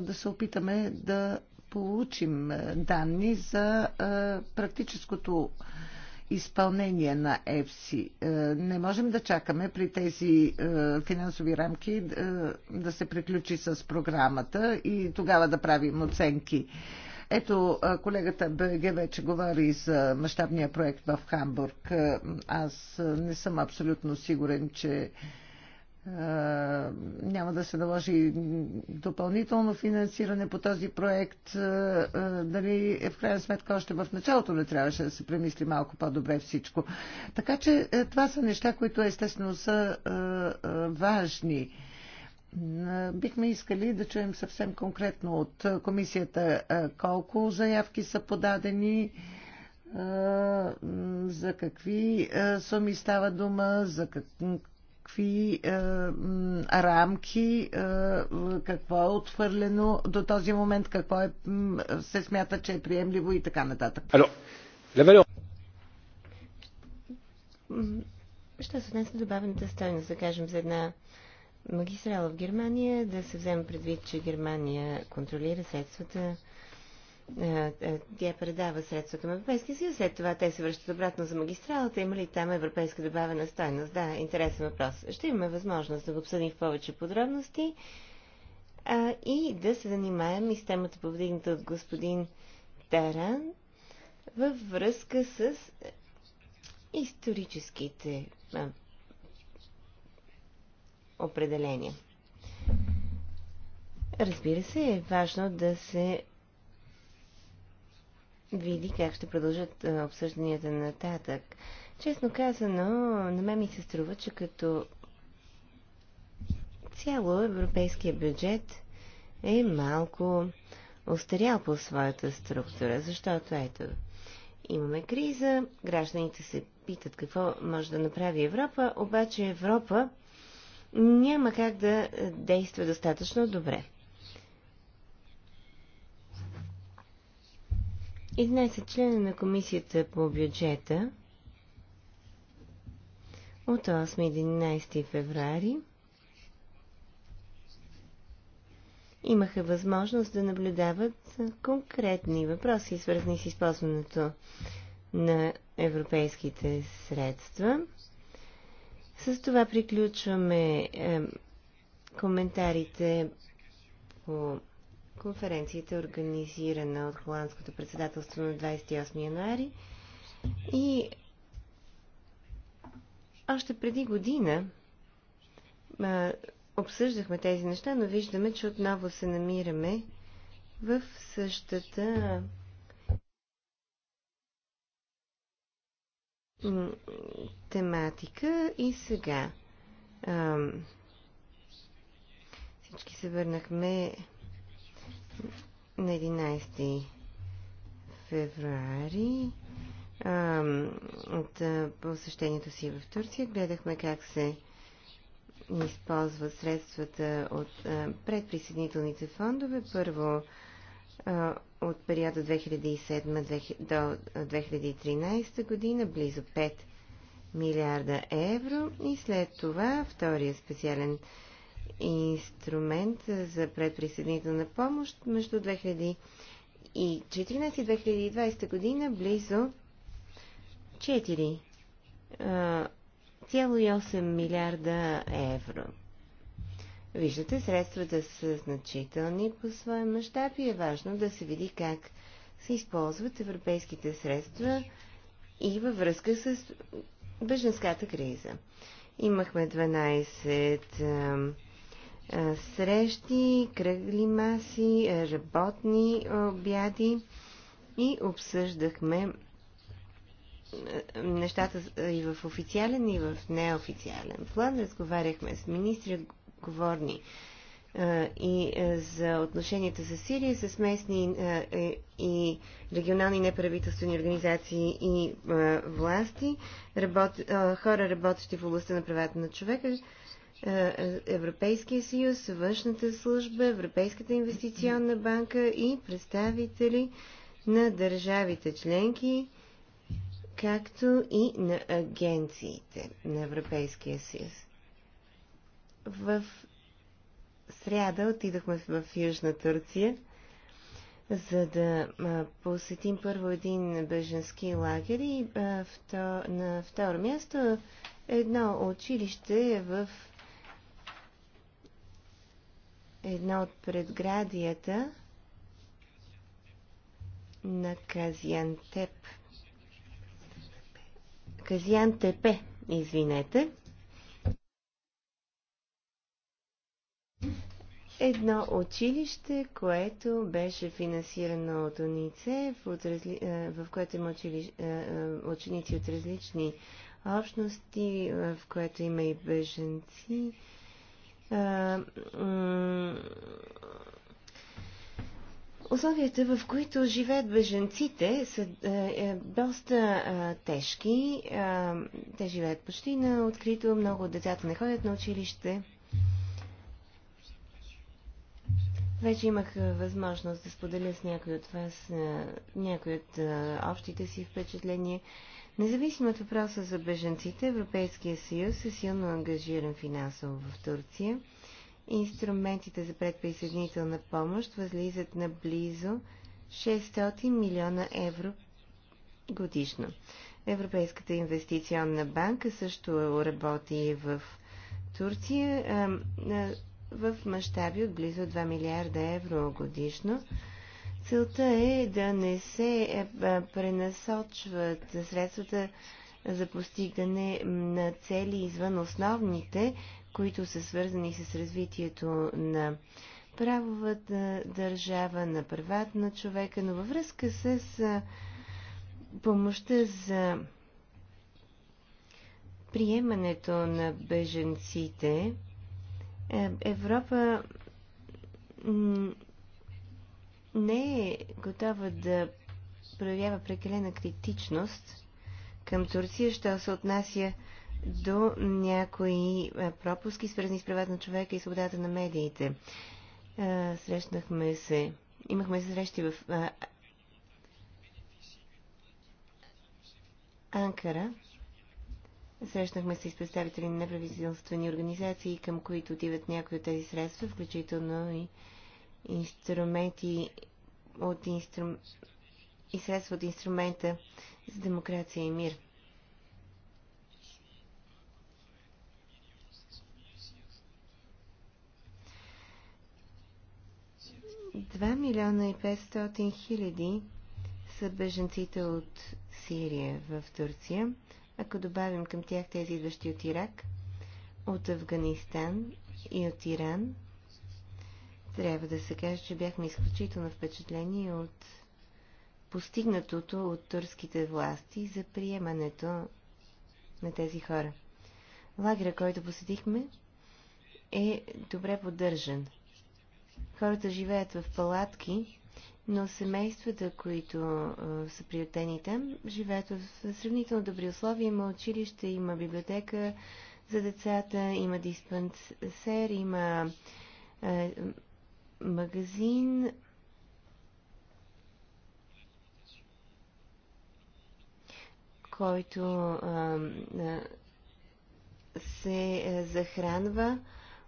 да се опитаме да получим е, данни за е, практическото изпълнение на ЕФСИ. Е, не можем да чакаме при тези финансови рамки да се приключи с програмата и тогава да правим оценки. Ето, колегата БГ вече говори за мащабния проект в Хамбург. Аз не съм абсолютно сигурен, че е, няма да се наложи допълнително финансиране по този проект. Е, е, дали в крайна сметка още в началото не трябваше да се премисли малко по-добре всичко. Така че това са неща, които естествено са важни. Бихме искали да чуем съвсем конкретно от комисията колко заявки са подадени, за какви суми става дума, за какви е, рамки, е, какво е отвърлено до този момент, какво е, се смята, че е приемливо и така нататък. Алло, Що се отнесе добавената стойност, да кажем, за една магистрала в Германия, да се вземе предвид, че Германия контролира средствата е, е, тя предава средства към Европейския съюз, след това те се връщат обратно за магистралата. Има ли там европейска добавена стойност? Да, интересен въпрос. Ще имаме възможност да го обсъдим в повече подробности а, и да се занимаем и с темата повдигната от господин Таран във връзка с историческите а, определения. Разбира се, е важно да се види как ще продължат обсъжданията нататък. Честно казано, на мен ми се струва, че като цяло европейския бюджет е малко остарял по своята структура, защото ето, имаме криза, гражданите се питат какво може да направи Европа, обаче Европа няма как да действа достатъчно добре. е члена на комисията по бюджета от 8-11 феврари имаха възможност да наблюдават конкретни въпроси, свързани с използването на европейските средства. С това приключваме е, коментарите по Конференцията е организирана от Холандското председателство на 28 януари и още преди година а, обсъждахме тези неща, но виждаме, че отново се намираме в същата тематика и сега. А, всички се върнахме на 11 февруари от посещението си в Турция гледахме как се използват средствата от предприсъединителните фондове. Първо от периода 2007 до 2013 година близо 5 милиарда евро и след това втория специален инструмент за предприсъединителна помощ между 2014 и 2020 година близо 4,8 милиарда евро. Виждате, средствата са значителни по своя мащаб и е важно да се види как се използват европейските средства и във връзка с беженската криза. Имахме 12 е, срещи, кръгли маси, е, работни обяди и обсъждахме е, нещата и в официален, и в неофициален план. Разговаряхме с министри, отговорни и за отношенията с Сирия, с местни и регионални неправителствени организации и власти, хора работещи в областта на правата на човека, е, е, Европейския съюз, Външната служба, Европейската инвестиционна банка и представители на държавите членки, както и на агенциите на Европейския съюз. В сряда отидохме в Южна Турция, за да посетим първо един беженски лагер и на второ място едно училище е в едно от предградията на Казиантеп. Казиантепе, извинете. Едно училище, което беше финансирано от унице, в е, което има е, е, ученици от различни общности, в което има и беженци Условията, в които живеят беженците, са е, е, доста е, тежки. Е, те живеят почти на открито, много от децата не ходят на училище. Вече имах възможност да споделя с някои от вас е, някои от е, общите си впечатления. Независимо от въпроса за беженците, Европейския съюз е силно ангажиран финансово в Турция. Инструментите за предприсъединителна помощ възлизат на близо 600 милиона евро годишно. Европейската инвестиционна банка също работи в Турция в мащаби от близо 2 милиарда евро годишно Целта е да не се е, е, пренасочват средствата за постигане на цели извън основните, които са свързани с развитието на правовата държава, на правата на човека, но във връзка с е, помощта за приемането на беженците, Европа не е готова да проявява прекалена критичност към Турция, що се отнася до някои пропуски, свързани с правата на човека и свободата на медиите. Срещнахме се, имахме срещи в Анкара. Срещнахме се с представители на неправителствени организации, към които отиват някои от тези средства, включително и инструменти от инстру... и средства от инструмента за демокрация и мир. Два милиона и 500 хиляди са беженците от Сирия в Турция. Ако добавим към тях тези идващи от Ирак, от Афганистан и от Иран – трябва да се каже, че бяхме изключително впечатлени от постигнатото от турските власти за приемането на тези хора. Лагера, който посетихме, е добре поддържан. Хората живеят в палатки, но семействата, които а, са приютени там, живеят в сравнително добри условия. Има училище, има библиотека за децата, има диспансер, има а, магазин. който а, се е, захранва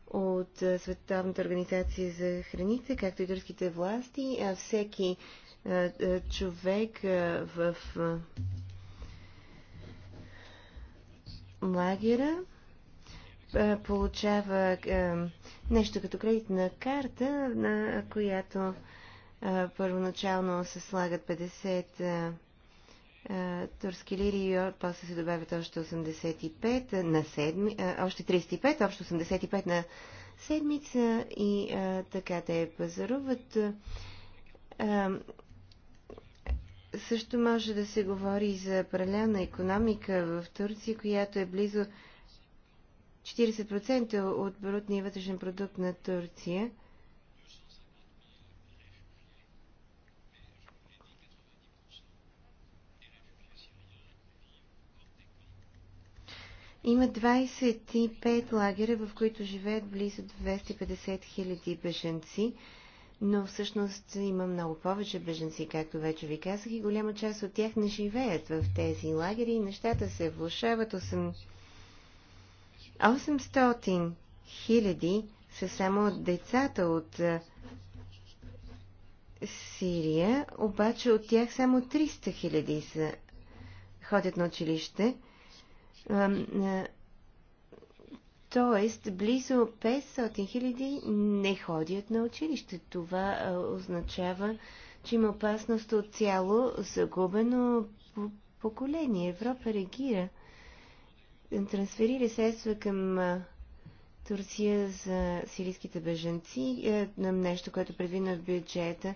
от Световната организация за храните, както и турските власти. А всеки а, човек а, в а, лагера е, получава е, нещо като кредитна карта, на която е, първоначално се слагат 50 турски лири и после се добавят още 85 на седми, още 35, още 85 на седмица и така те пазаруват. също може да се говори за паралелна економика в Турция, която е близо 40% от брутния вътрешен продукт на Турция. Има 25 лагера, в които живеят близо 250 хиляди беженци, но всъщност има много повече беженци, както вече ви казах, и голяма част от тях не живеят в тези лагери и нещата се влушават. 800 хиляди са само децата от Сирия, обаче от тях само 300 хиляди са ходят на училище. Тоест, близо 500 хиляди не ходят на училище. Това означава, че има опасност от цяло загубено поколение. Европа реагира трансферира средства към Турция за сирийските беженци, е, на нещо, което предвидено в бюджета,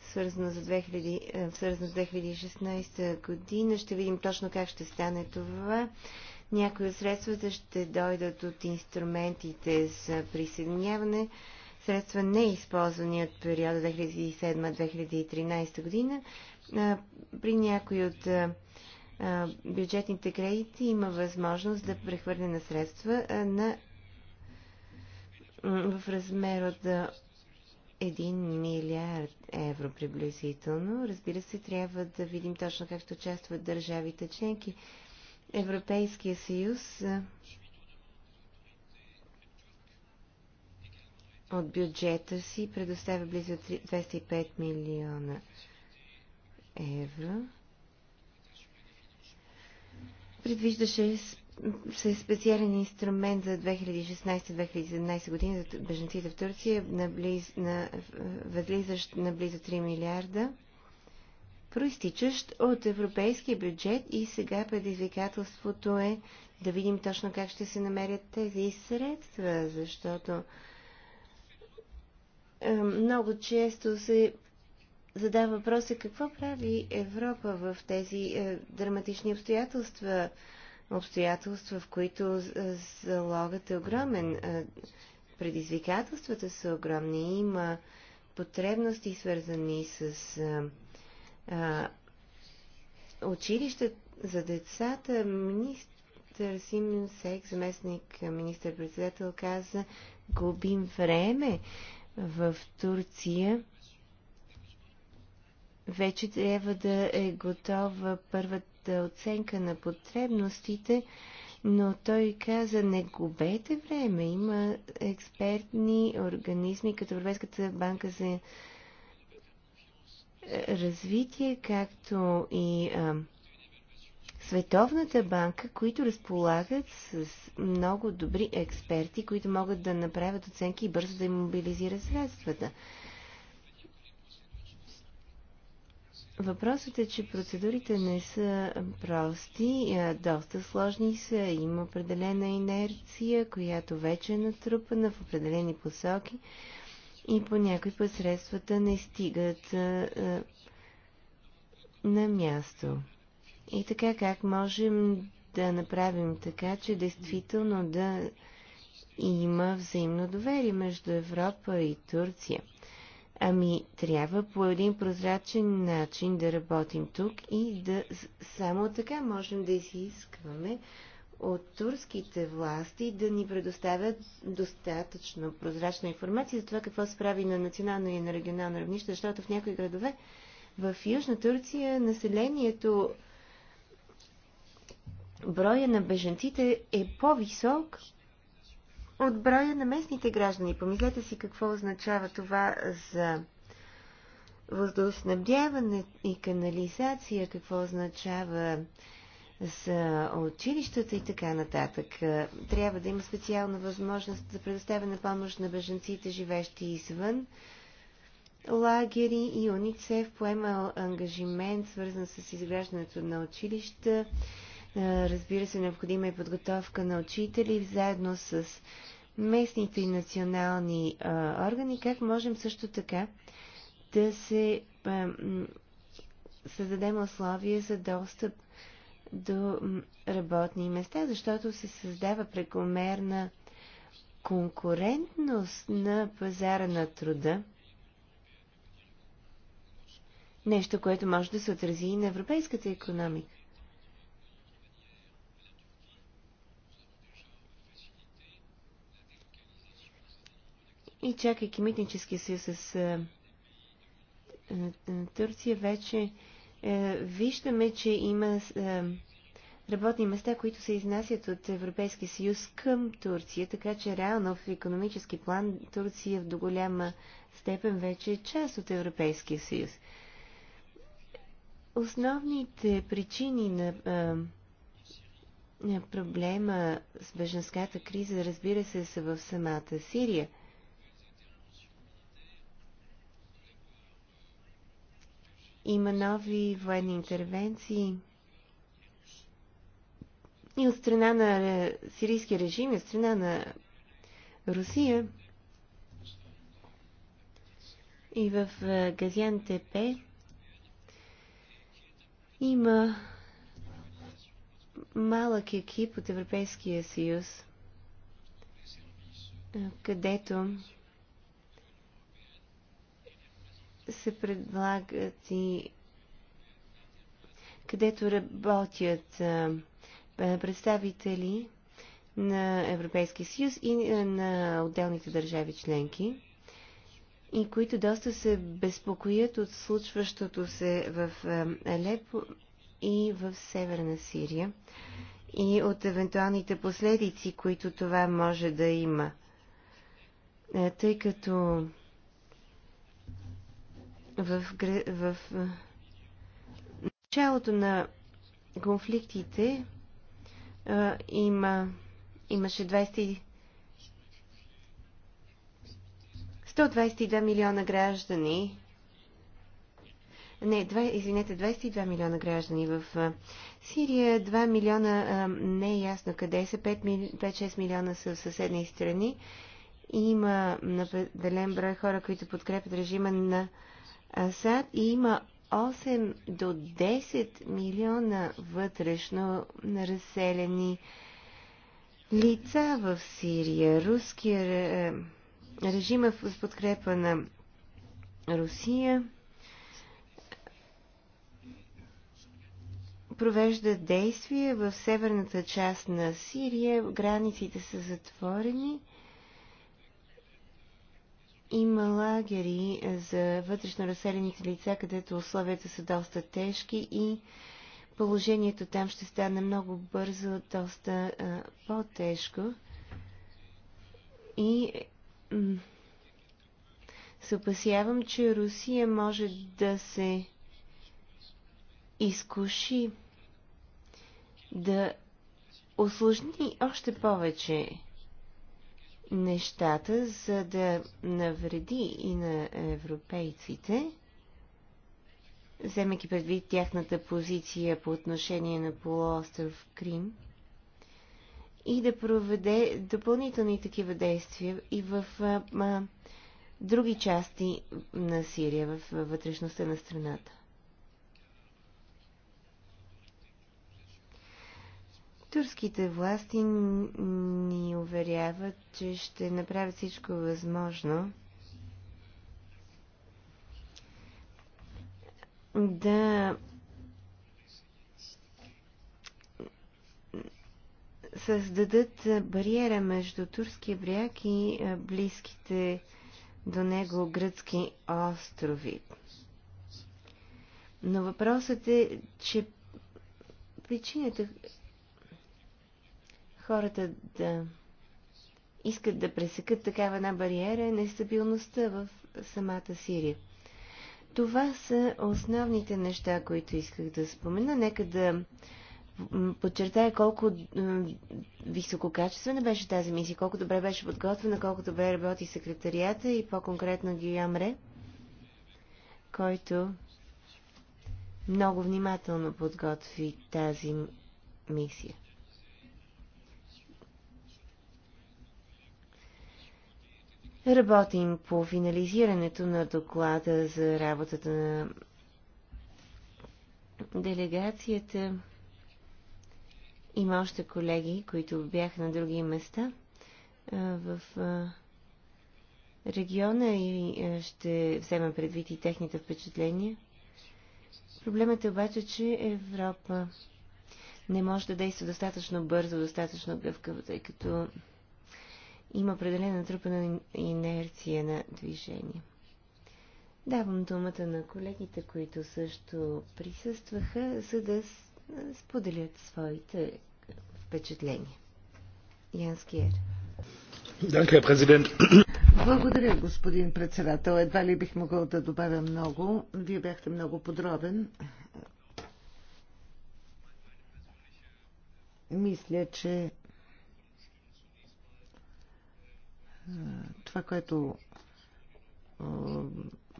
свързано, за 2000, е, свързано с 2016 година. Ще видим точно как ще стане това. Някои от средствата ще дойдат от инструментите за присъединяване, средства не използвани от периода 2007-2013 година. При някои от бюджетните кредити има възможност да прехвърля на средства на, в размер от 1 милиард евро приблизително. Разбира се, трябва да видим точно както участват държавите членки. Европейския съюз от бюджета си предоставя близо 205 милиона евро. Предвиждаше се специален инструмент за 2016-2017 година за беженците в Турция, наблиз, на, възлизащ на близо 3 милиарда, проистичащ от европейския бюджет и сега предизвикателството е да видим точно как ще се намерят тези средства, защото е, много често се задава въпроса какво прави Европа в тези е, драматични обстоятелства, обстоятелства, в които е, залогът е огромен, е, предизвикателствата са огромни, има потребности свързани с е, е, училища за децата, министър Симен Сек, заместник министър-председател, каза, губим време в Турция вече трябва да е готова първата оценка на потребностите, но той каза, не губете време. Има експертни организми, като Европейската банка за развитие, както и а, Световната банка, които разполагат с много добри експерти, които могат да направят оценки и бързо да им мобилизират средствата. Въпросът е, че процедурите не са прости, доста сложни са, има определена инерция, която вече е натрупана в определени посоки и по някой път средствата не стигат на място. И така как можем да направим така, че действително да има взаимно доверие между Европа и Турция? Ами, трябва по един прозрачен начин да работим тук и да само така можем да изискваме от турските власти да ни предоставят достатъчно прозрачна информация за това какво се прави на национално и на регионално равнище, защото в някои градове в Южна Турция населението броя на беженците е по-висок от броя на местните граждани. Помислете си какво означава това за въздухоснабдяване и канализация, какво означава за училищата и така нататък. Трябва да има специална възможност за предоставяне помощ на беженците, живещи извън лагери и УНИЦЕФ поема ангажимент, свързан с изграждането на училища е, разбира се, необходима е подготовка на учители заедно с местните и национални а, органи. Как можем също така да се а, създадем условия за достъп до работни места, защото се създава прекомерна конкурентност на пазара на труда. Нещо, което може да се отрази и на европейската економика. и чакайки митническия съюз с е, е, е, Турция, вече виждаме, че има работни места, които се изнасят от Европейския съюз към Турция, така че реално в економически план Турция в до голяма степен вече е част от Европейския съюз. Основните причини на, а, на проблема с беженската криза, разбира се, са в самата Сирия – Има нови военни интервенции и от страна на сирийския режим, и от страна на Русия. И в Газиан Тепе има малък екип от Европейския съюз, където се предлагат и където работят представители на Европейския съюз и на отделните държави членки и които доста се безпокоят от случващото се в Алепо и в Северна Сирия и от евентуалните последици, които това може да има. Е, тъй като в, в началото на конфликтите а, има, имаше 20, 122 милиона граждани. Не, 2, извинете, 22 милиона граждани в а, Сирия, 2 милиона а, не е ясно къде са, 5-6 милиона са в съседни страни. И има определен брой хора, които подкрепят режима на а, Асад има 8 до 10 милиона вътрешно разселени лица в Сирия. Руския е, режима в подкрепа на Русия провежда действия в северната част на Сирия. Границите са затворени има лагери за вътрешно разселените лица, където условията са доста тежки и положението там ще стане много бързо, доста по-тежко. И се опасявам, че Русия може да се изкуши да осложни още повече нещата, за да навреди и на европейците, вземайки предвид тяхната позиция по отношение на полуостров Крим, и да проведе допълнителни такива действия и в а, а, други части на Сирия, в вътрешността на страната. Турските власти ни уверяват, че ще направят всичко възможно да създадат бариера между турския бряг и близките до него гръцки острови. Но въпросът е, че причината, хората да искат да пресекат такава една бариера е нестабилността в самата Сирия. Това са основните неща, които исках да спомена. Нека да подчертая колко висококачествена беше тази мисия, колко добре беше подготвена, колко добре работи секретарията и по-конкретно Гюям Ре, който много внимателно подготви тази мисия. Работим по финализирането на доклада за работата на делегацията. Има още колеги, които бяха на други места в региона и ще взема предвид и техните впечатления. Проблемът е обаче, че Европа не може да действа достатъчно бързо, достатъчно гъвкаво, тъй като има определена натрупана инерция на движение. Давам думата на колегите, които също присъстваха, за да споделят своите впечатления. Ян Скиер. Благодаря, господин председател. Едва ли бих могъл да добавя много. Вие бяхте много подробен. Мисля, че това, което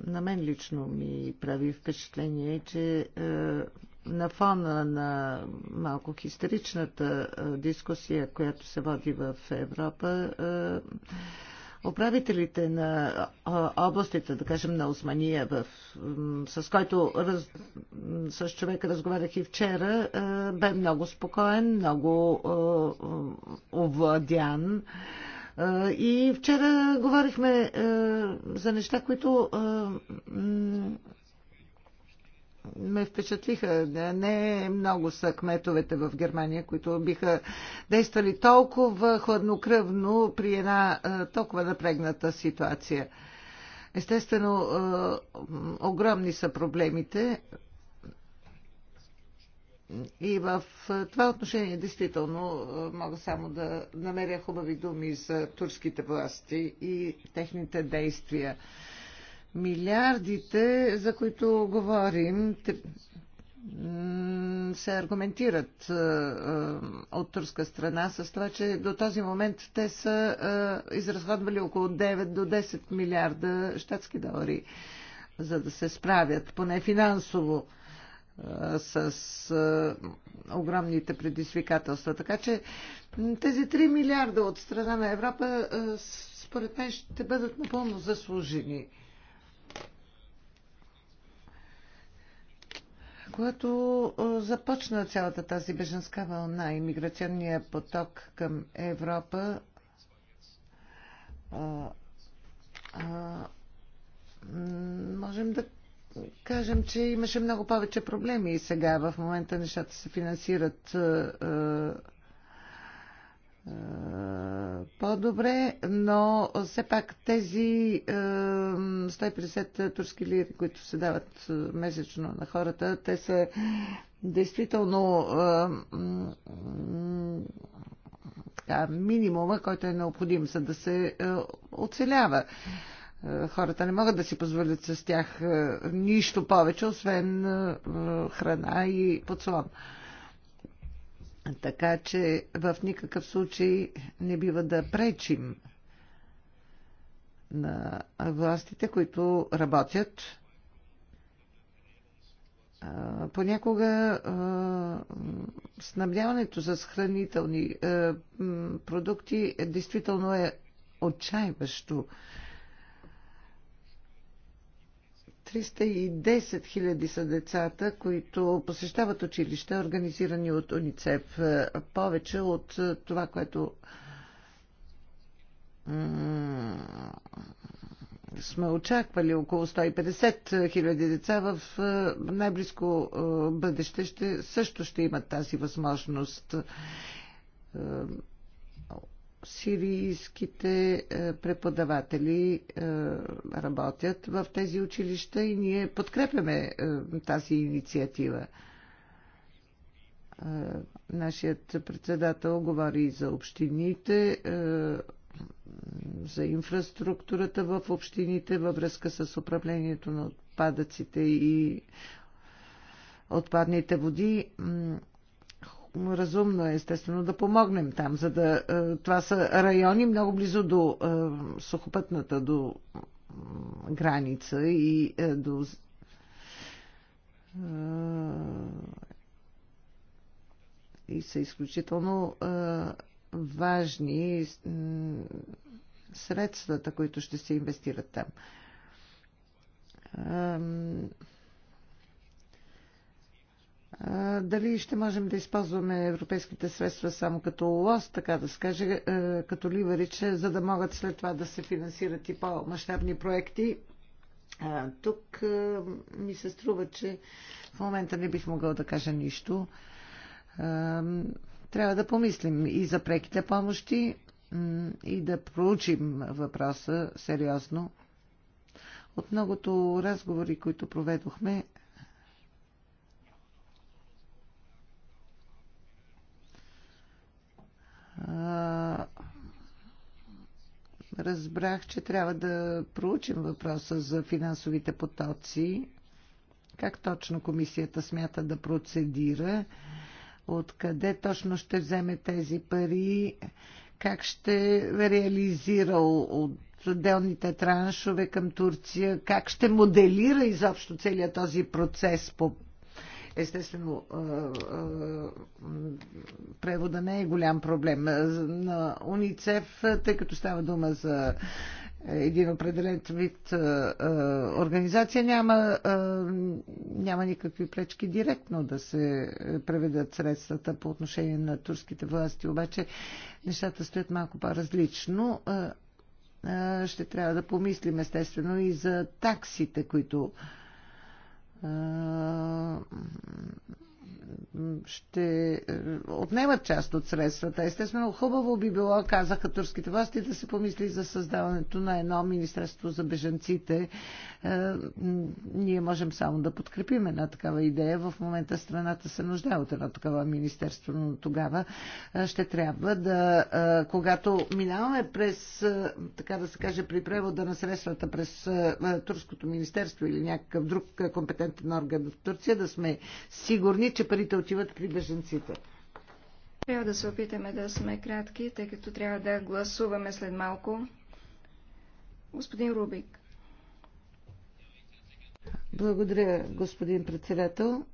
на мен лично ми прави впечатление, е, че на фона на малко хистеричната дискусия, която се води в Европа, управителите на областите, да кажем на Османия, в, с който раз, с човека разговарях и вчера, бе много спокоен, много овладян. Е, и вчера говорихме за неща, които ме впечатлиха. Не много са кметовете в Германия, които биха действали толкова хладнокръвно при една толкова напрегната ситуация. Естествено, огромни са проблемите и в това отношение, действително, мога само да намеря хубави думи за турските власти и техните действия. Милиардите, за които говорим, се аргументират от турска страна с това, че до този момент те са изразходвали около 9 до 10 милиарда щатски долари, за да се справят, поне финансово с огромните предизвикателства. Така че тези 3 милиарда от страна на Европа според мен ще бъдат напълно заслужени. Когато започна цялата тази беженска вълна и миграционния поток към Европа, можем да кажем, че имаше много повече проблеми и сега в момента нещата се финансират е, е, е, по-добре, но все пак тези 150 турски лири, които се дават месечно на хората, те са действително така, минимума, който е необходим, за да се оцелява. Е, хората не могат да си позволят с тях е, нищо повече, освен е, храна и подслон. Така че в никакъв случай не бива да пречим на властите, които работят. Понякога снабдяването с хранителни продукти действително е отчаиващо. 310 хиляди са децата, които посещават училища, организирани от УНИЦЕФ. Повече от това, което сме очаквали около 150 хиляди деца в най-близко бъдеще ще, също ще имат тази възможност сирийските е, преподаватели е, работят в тези училища и ние подкрепяме е, тази инициатива. Нашият председател говори за общините, за инфраструктурата в общините във връзка с управлението на отпадъците и отпадните води разумно е естествено да помогнем там, за да е, това са райони много близо до е, сухопътната, до граница и е, до и са изключително важни средствата, които ще се инвестират там дали ще можем да използваме европейските средства само като лост, така да се каже, е, като ливарич, за да могат след това да се финансират и по-масштабни проекти. Тук е, ми се струва, че в момента не бих могъл да кажа нищо. Е, трябва да помислим и за преките помощи, и да проучим въпроса сериозно. От многото разговори, които проведохме, разбрах, че трябва да проучим въпроса за финансовите потоци. Как точно комисията смята да процедира? Откъде точно ще вземе тези пари? Как ще реализира от отделните траншове към Турция? Как ще моделира изобщо целият този процес по Естествено, превода не е голям проблем на УНИЦЕФ, тъй като става дума за един определен вид организация, няма, няма никакви пречки директно да се преведат средствата по отношение на турските власти, обаче нещата стоят малко по-различно. Ще трябва да помислим естествено и за таксите, които а, ще е, отнемат част от средствата. Естествено, хубаво би било, казаха турските власти, да се помисли за създаването на едно Министерство за беженците. Е, ние можем само да подкрепим една такава идея. В момента страната се нуждае от едно такава Министерство, но тогава е, ще трябва да, когато минаваме през, така да се каже, при превода на средствата през Турското Министерство или някакъв друг компетентен орган в Турция, да сме сигурни, че парите отиват при беженците. Трябва да се опитаме да сме кратки, тъй като трябва да гласуваме след малко. Господин Рубик. Благодаря, господин председател.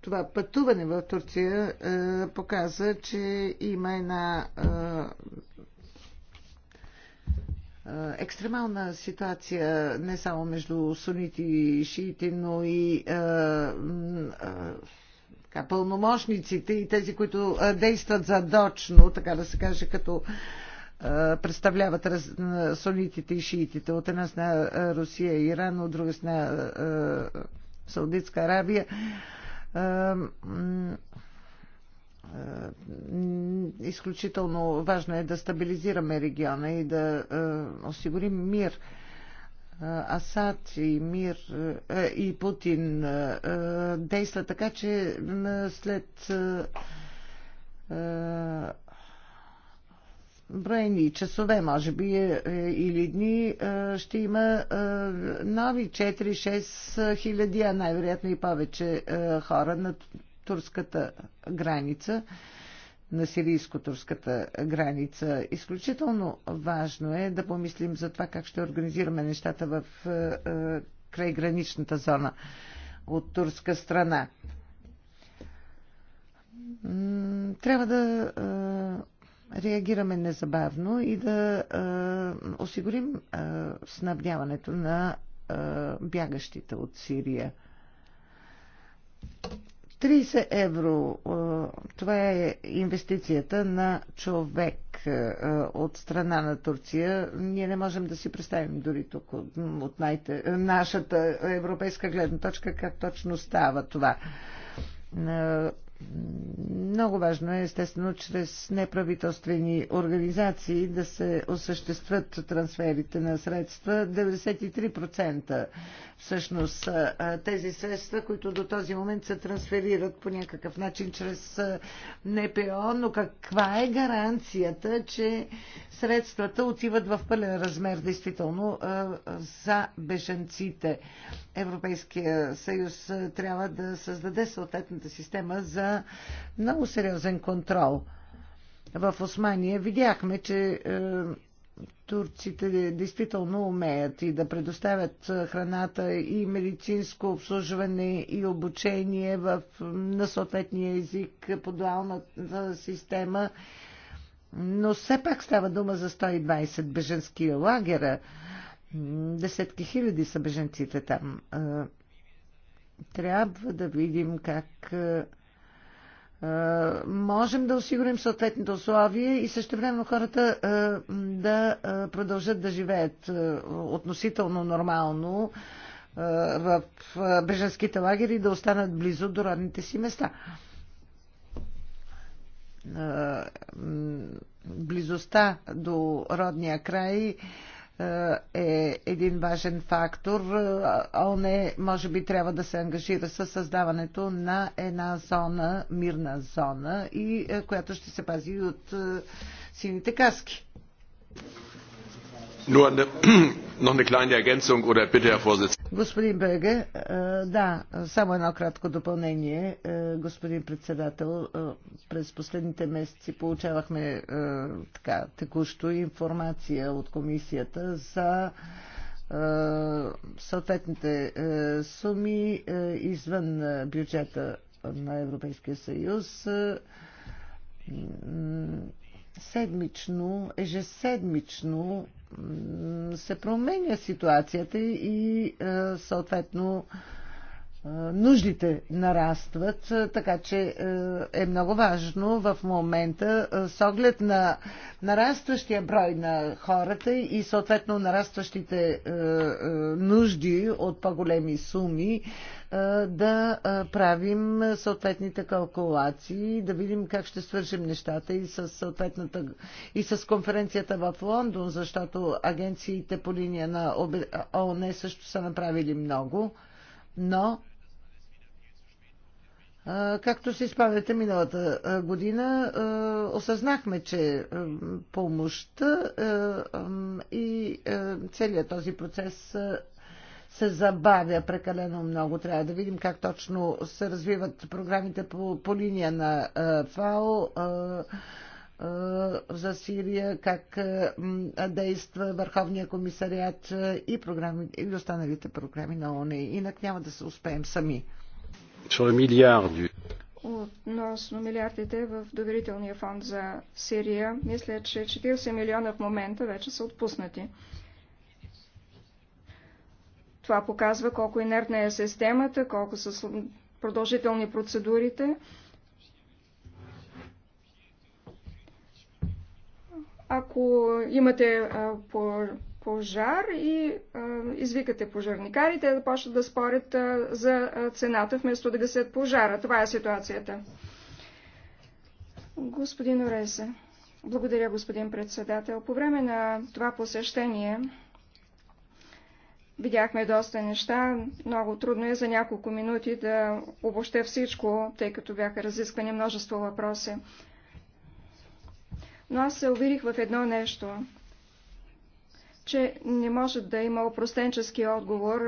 това пътуване в Турция показа, че има една екстремална ситуация не само между сунити и шиите, но и така, пълномощниците и тези, които действат задочно, така да се каже, като представляват раз, сунитите и шиитите. От една сна Русия и Иран, от друга страна Саудитска Аравия. Е, изключително важно е да стабилизираме региона и да е, осигурим мир. Е, Асад и Мир и Путин действа така, че след броени часове, може би, или дни, ще има нови 4-6 хиляди, а най-вероятно и повече хора на турската граница, на сирийско-турската граница. Изключително важно е да помислим за това как ще организираме нещата в е, е крайграничната зона от турска страна. Трябва да е, реагираме незабавно и да е, осигурим е, снабдяването на е, бягащите от Сирия. 30 евро, това е инвестицията на човек от страна на Турция. Ние не можем да си представим дори тук от най- нашата европейска гледна точка как точно става това. Много важно е, естествено, чрез неправителствени организации да се осъществят трансферите на средства. 93% всъщност тези средства, които до този момент се трансферират по някакъв начин чрез НПО, но каква е гаранцията, че средствата отиват в пълен размер действително за беженците? Европейския съюз трябва да създаде съответната система за на много сериозен контрол. В Османия видяхме, че е, турците действително умеят и да предоставят е, храната и медицинско обслужване и обучение в, на съответния език по дуалната система. Но все пак става дума за 120 беженски лагера. Десетки хиляди са беженците там. Е, трябва да видим как е, можем да осигурим съответните условия и също време хората е, да е, продължат да живеят относително нормално в беженските лагери и да останат близо до родните си места. Близостта до родния край е един важен фактор. ООН може би трябва да се ангажира с създаването на една зона, мирна зона, и е, която ще се пази от е, сините каски. Но една noch eine kleine Ergänzung oder bitte, Herr Vorsitzender. Господин Беге, е, да, само едно кратко допълнение. Е, господин председател, е, през последните месеци получавахме така текущо информация от комисията за съответните суми извън бюджета на Европейския съюз седмично, ежеседмично се променя ситуацията и е, съответно нуждите нарастват, така че е, е много важно в момента е, с оглед на нарастващия брой на хората и съответно нарастващите е, нужди от по-големи суми да правим съответните калкулации, да видим как ще свържим нещата и с съответната и с конференцията в Лондон, защото агенциите по линия на ООН също са направили много, но Както си спомняте, миналата година осъзнахме, че помощта и целият този процес се забавя прекалено много. Трябва да видим как точно се развиват програмите по, по линия на ФАО за Сирия, как действа Върховния комисариат и, програми, и останалите програми на ОНЕ. Инак няма да се успеем сами sur le milliard du относно милиардите в доверителния фонд за Сирия. Мисля, че 40 милиона в момента вече са отпуснати. Това показва колко инертна е системата, колко са продължителни процедурите. Ако имате по пожар и а, извикате пожарникарите да почнат да спорят а, за цената, вместо да гасят пожара. Това е ситуацията. Господин Оресе, благодаря, господин председател. По време на това посещение видяхме доста неща. Много трудно е за няколко минути да обобщя всичко, тъй като бяха разисквани множество въпроси. Но аз се уверих в едно нещо че не може да има опростенчески отговор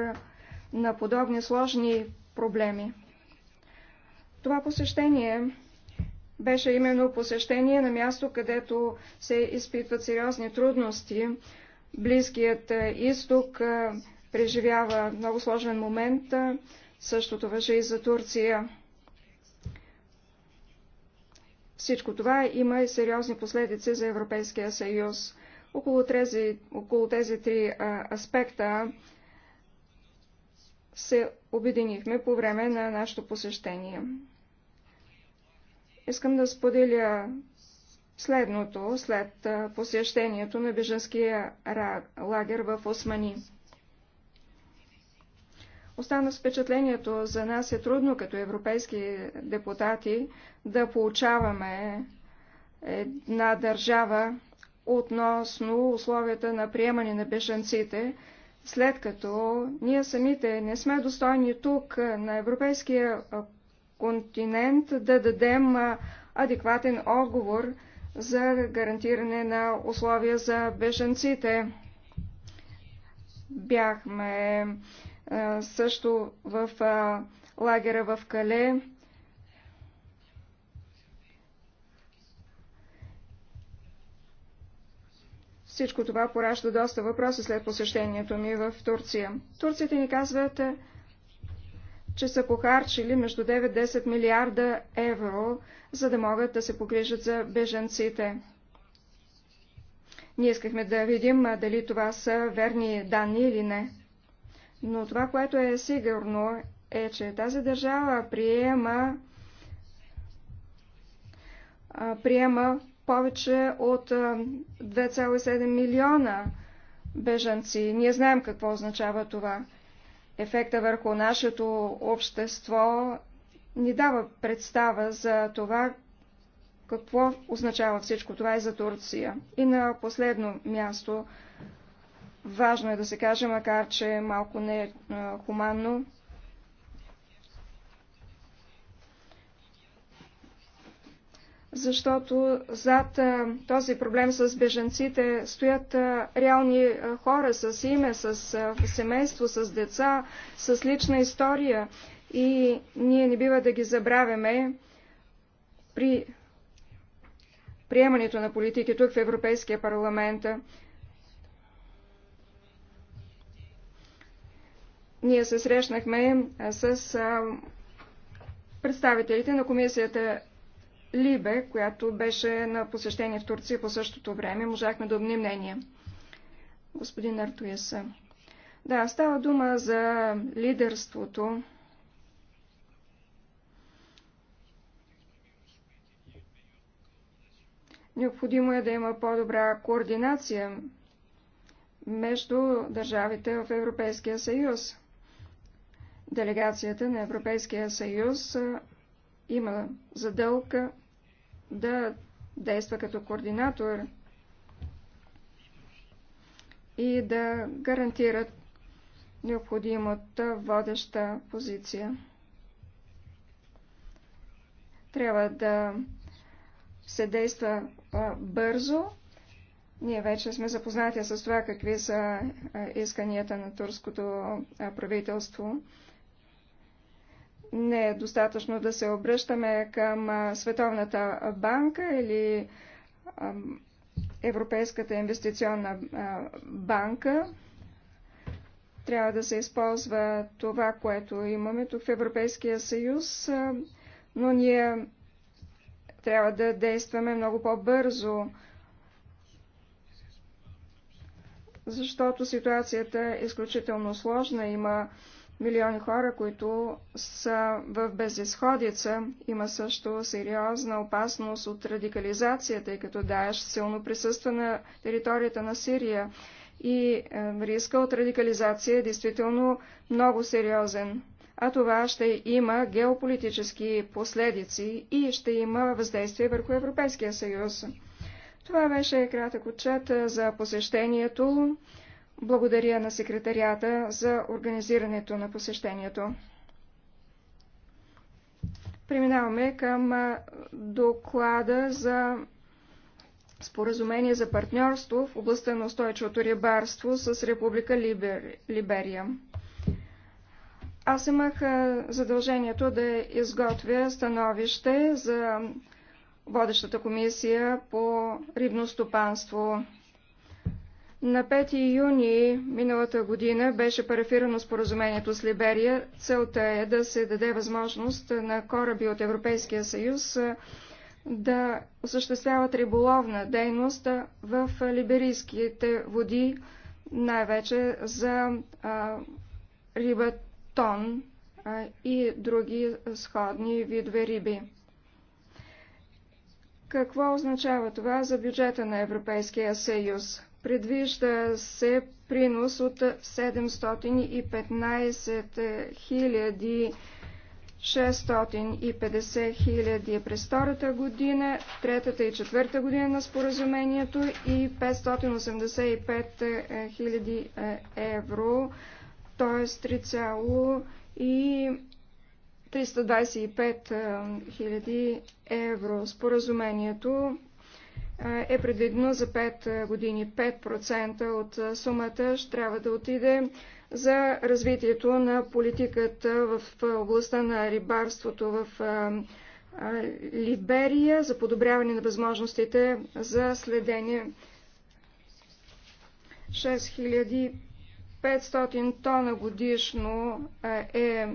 на подобни сложни проблеми. Това посещение беше именно посещение на място, където се изпитват сериозни трудности. Близкият е, изток е, преживява много сложен момент. Е, същото въжи и за Турция. Всичко това има и сериозни последици за Европейския съюз. Около тези, около тези три а, аспекта се обединихме по време на нашето посещение. Искам да споделя следното след посещението на беженския лагер в Османи. Остана с впечатлението, за нас е трудно като европейски депутати да получаваме една държава относно условията на приемане на бежанците, след като ние самите не сме достойни тук на европейския континент да дадем адекватен отговор за гарантиране на условия за бежанците. Бяхме също в лагера в Кале. Всичко това поражда доста въпроси след посещението ми в Турция. Турците ни казват, е, че са похарчили между 9-10 милиарда евро, за да могат да се погрижат за беженците. Ние искахме да видим дали това са верни данни или не. Но това, което е сигурно, е, че тази държава приема, приема повече от 2,7 милиона беженци, Ние знаем какво означава това. Ефекта върху нашето общество ни дава представа за това, какво означава всичко това и за Турция. И на последно място, важно е да се каже, макар че е малко не е хуманно, защото зад този проблем с беженците стоят реални хора с име, с семейство, с деца, с лична история и ние не бива да ги забравяме при приемането на политики тук в Европейския парламент. Ние се срещнахме с представителите на комисията Либе, която беше на посещение в Турция по същото време. Можахме да обним мнение. Господин Артуеса. Да, става дума за лидерството. Необходимо е да има по-добра координация между държавите в Европейския съюз. Делегацията на Европейския съюз има задълка да действа като координатор и да гарантират необходимата водеща позиция. Трябва да се действа бързо. Ние вече сме запознати с това какви са исканията на турското правителство не е достатъчно да се обръщаме към Световната банка или Европейската инвестиционна банка. Трябва да се използва това, което имаме тук в Европейския съюз, но ние трябва да действаме много по-бързо, защото ситуацията е изключително сложна. Има милиони хора, които са в безисходица. Има също сериозна опасност от радикализация, тъй като Даеш силно присъства на територията на Сирия и е, риска от радикализация е действително много сериозен. А това ще има геополитически последици и ще има въздействие върху Европейския съюз. Това беше кратък отчет е, за посещението. Благодаря на секретарията за организирането на посещението. Преминаваме към доклада за споразумение за партньорство в областта на устойчивото рибарство с Република Либер... Либерия. Аз имах задължението да изготвя становище за водещата комисия по рибно стопанство. На 5 юни миналата година беше парафирано споразумението с Либерия. Целта е да се даде възможност на кораби от Европейския съюз да осъществяват риболовна дейност в либерийските води, най-вече за рибатон и други сходни видове риби. Какво означава това за бюджета на Европейския съюз? Предвижда се принос от 715 650 хиляди през втората година, третата и четвърта година на споразумението и 585 хиляди е, евро, т.е. 3, и 325 е, хиляди евро. Споразумението е предвидено за 5 години. 5% от сумата ще трябва да отиде за развитието на политиката в областта на рибарството в Либерия, за подобряване на възможностите за следение. 6500 е тона годишно е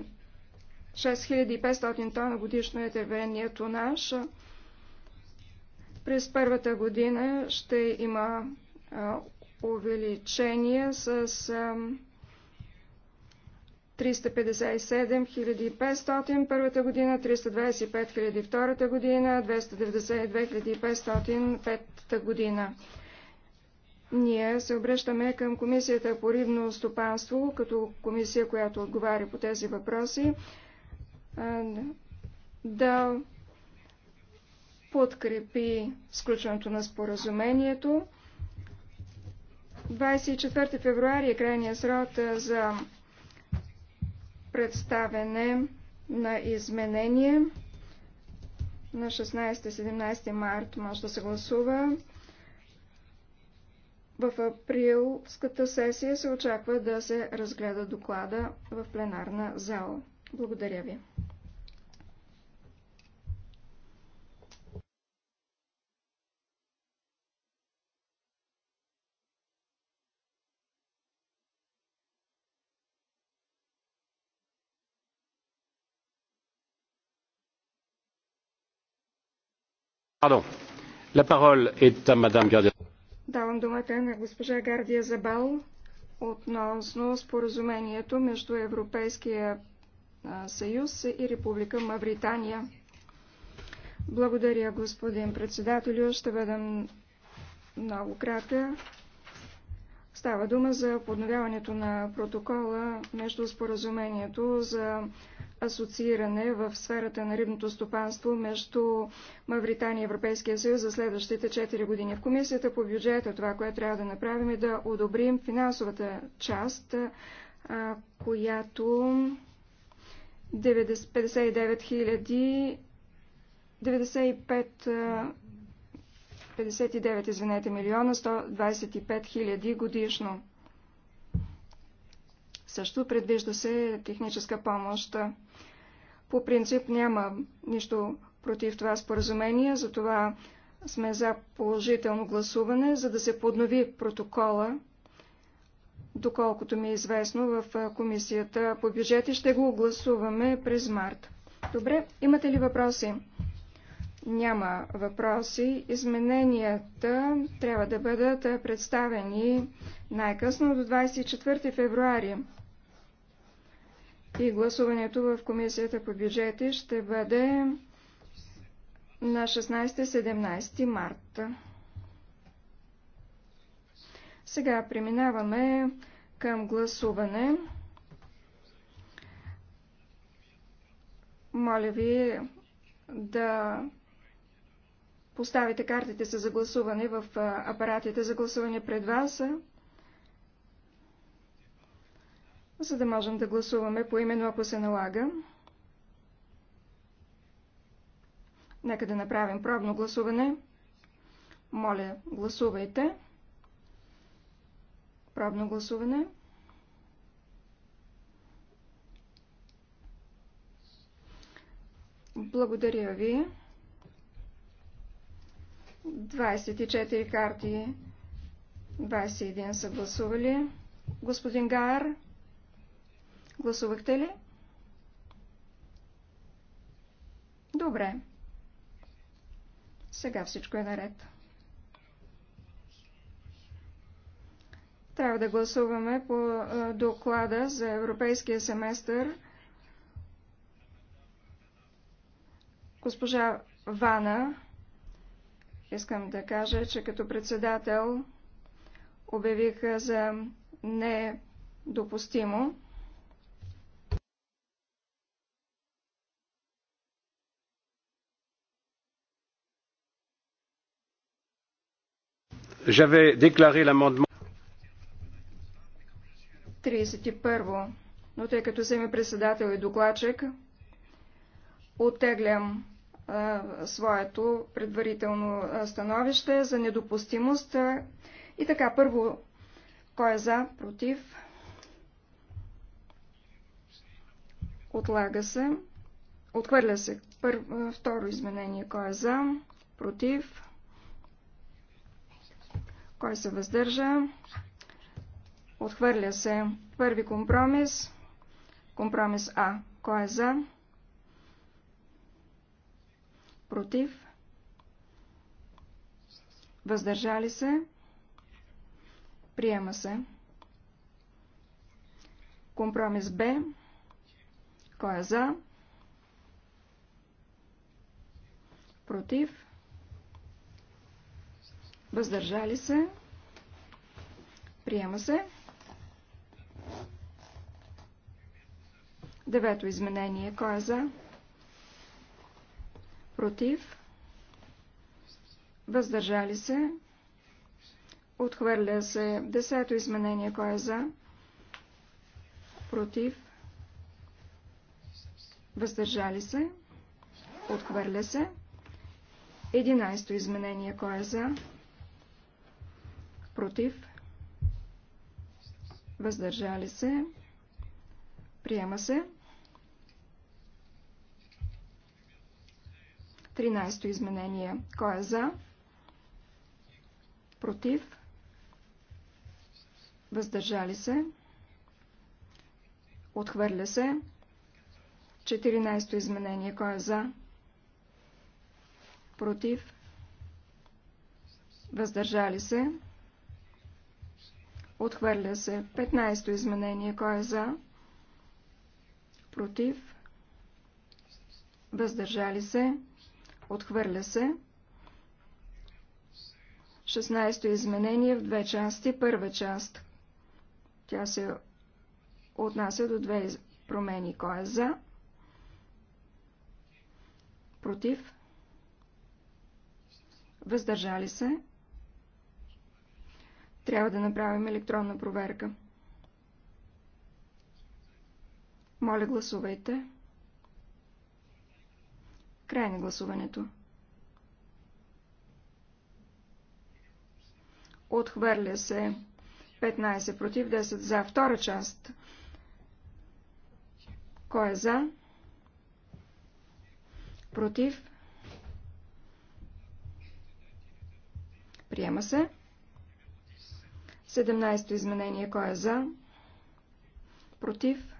6500 тона годишно е дървения тонаж. През първата година ще има увеличение с 357 500 първата година, 325 000 втората година, 292 500 петата година. Ние се обръщаме към Комисията по рибно стопанство, като комисия, която отговаря по тези въпроси, да подкрепи сключването на споразумението. 24 февруари е крайният срок за представене на изменение. На 16-17 март може да се гласува. В априлската сесия се очаква да се разгледа доклада в пленарна зала. Благодаря ви. Давам думата на госпожа Гардия Забал относно споразумението между Европейския съюз и Република Мавритания. Благодаря, господин председателю. Ще бъда много кратка. Става дума за подновяването на протокола между споразумението за асоцииране в сферата на рибното стопанство между Мавритания и Европейския съюз за следващите 4 години. В комисията по бюджета това, което трябва да направим е да одобрим финансовата част, която 59 000 95 59, извинете, милиона 125 хиляди годишно. Също предвижда се техническа помощ. По принцип няма нищо против това споразумение, затова сме за положително гласуване, за да се поднови протокола. Доколкото ми е известно, в комисията по бюджети ще го гласуваме през март. Добре, имате ли въпроси? Няма въпроси. Измененията трябва да бъдат представени най-късно до 24 февруари и гласуването в Комисията по бюджети ще бъде на 16-17 марта. Сега преминаваме към гласуване. Моля ви да поставите картите си за гласуване в апаратите за гласуване пред вас. за да можем да гласуваме по именно, ако се налага. Нека да направим пробно гласуване. Моля, гласувайте. Пробно гласуване. Благодаря ви. 24 карти, 21 са гласували. Господин Гар, Гласувахте ли? Добре. Сега всичко е наред. Трябва да гласуваме по доклада за европейския семестър. Госпожа Вана, искам да кажа, че като председател обявих за недопустимо J'avais déclaré l'amendement. 31. Но тъй като съм и председател и докладчик, оттеглям а, своето предварително становище за недопустимост. И така, първо, кой е за, против? Отлага се. Отхвърля се. Второ изменение. Кой е за? Против? Кой се въздържа? Отхвърля се. Първи компромис. Компромис А. Кой е за? Против? Въздържали се? Приема се. Компромис Б. Кой е за? Против? Въздържали се. Приема се. Девето изменение. Кой е за? Против. Въздържали се. Отхвърля се. Десето изменение. Кой е за? Против. Въздържали се. Отхвърля се. Единайсто изменение. Кой е за? Против против, въздържали се, приема се. 13-то изменение. Кой е за? Против? Въздържали се? Отхвърля се? 14-то изменение. Кой е за? Против? Въздържали се? Отхвърля се. 15-то изменение. Кой е за? Против. Въздържали се. Отхвърля се. 16-то изменение в две части. Първа част. Тя се отнася до две промени. Кой е за? Против. Въздържали се. Трябва да направим електронна проверка. Моля, гласувайте. Край на гласуването. Отхвърля се 15 против 10 за втора част. Кой е за? Против? Приема се. 17-то изменение. Кой е за? Против?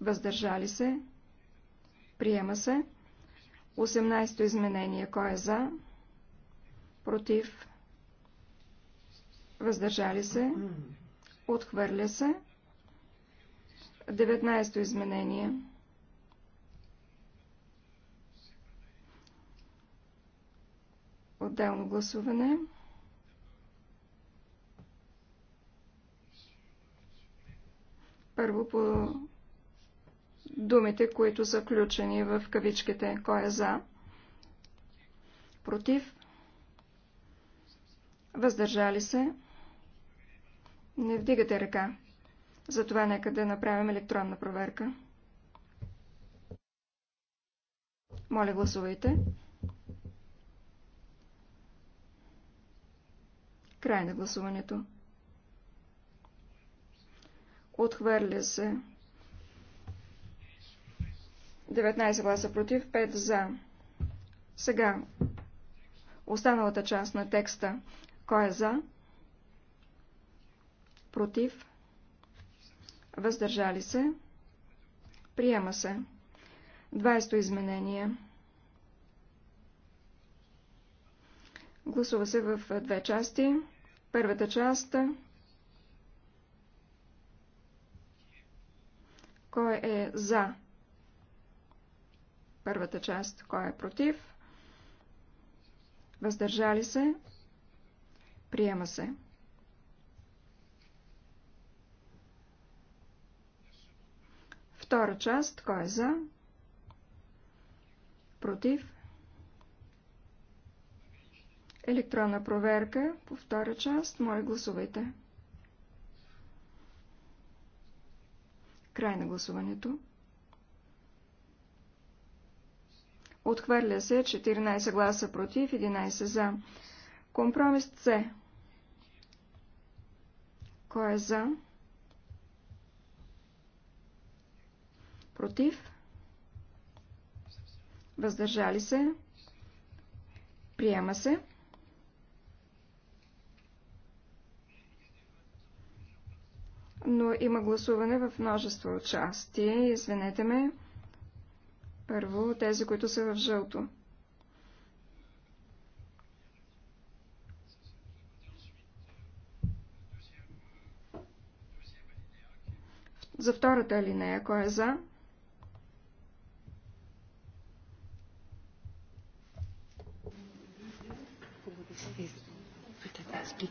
Въздържали се? Приема се. 18-то изменение. Кой е за? Против? Въздържали се? Отхвърля се. 19-то изменение. Отделно гласуване. Първо по думите, които са включени в кавичките. Кой е за? Против? Въздържали се? Не вдигате ръка. Затова нека да направим електронна проверка. Моля, гласувайте. Край на гласуването. Отхвърля се. 19 гласа против, 5 за. Сега, останалата част на текста. Кой е за? Против? Въздържали се? Приема се. 20 изменение. Гласува се в две части. Първата част Кой е за първата част? Кой е против? Въздържали се? Приема се. Втора част. Кой е за? Против? Електронна проверка по втора част. Моля, гласувайте. Край на гласуването. Отхвърля се 14 гласа против, 11 за. Компромис С. Кой е за? Против? Въздържали се? Приема се. но има гласуване в множество части. Извинете ме. Първо тези, които са в жълто. За втората алинея, кой е за?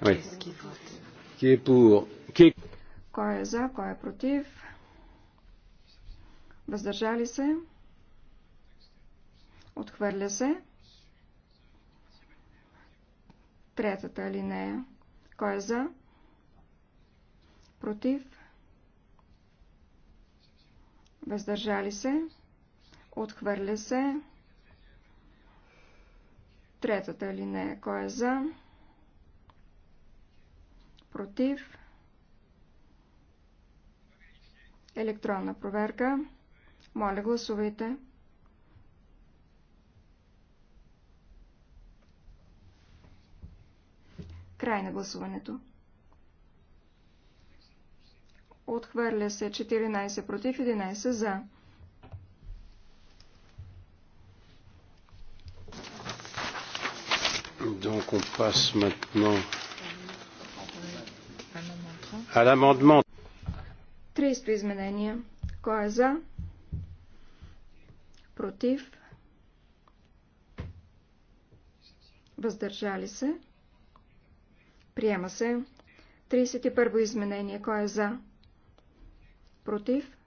Oui. Qui кой е за, кой е против? Въздържали се? Отхвърля се? Третата алинея. Кой е за? Против? Въздържали се? Отхвърля се? Третата алинея. Кой е за? Против? Електронна проверка. Моля, гласувайте. Край на гласуването. Отхвърля се 14 против 11 за. Donc on passe maintenant à l'amendement 30 изменения. Кой е за? Против? Въздържали се? Приема се. 31 изменение. Кой е за? Против?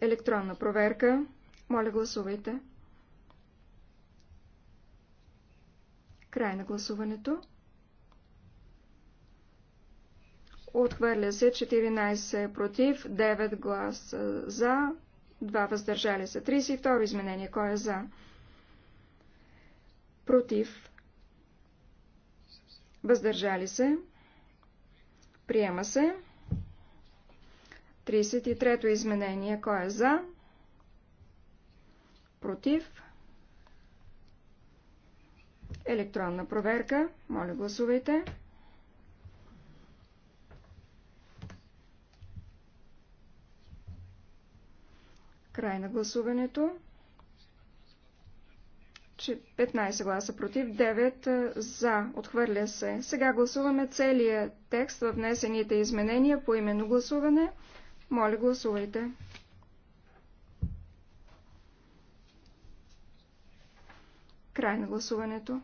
Електронна проверка. Моля, гласувайте. Край на гласуването. Отхвърля се 14 против, 9 гласа за, 2 въздържали се. 32 изменение. Кой е за? Против. Въздържали се. Приема се. 33-то изменение. Кой е за? Против. Електронна проверка. Моля, гласувайте. Край на гласуването. 15 гласа против, 9 за. Отхвърля се. Сега гласуваме целия текст в внесените изменения по именно гласуване. Моля, гласувайте. Край на гласуването.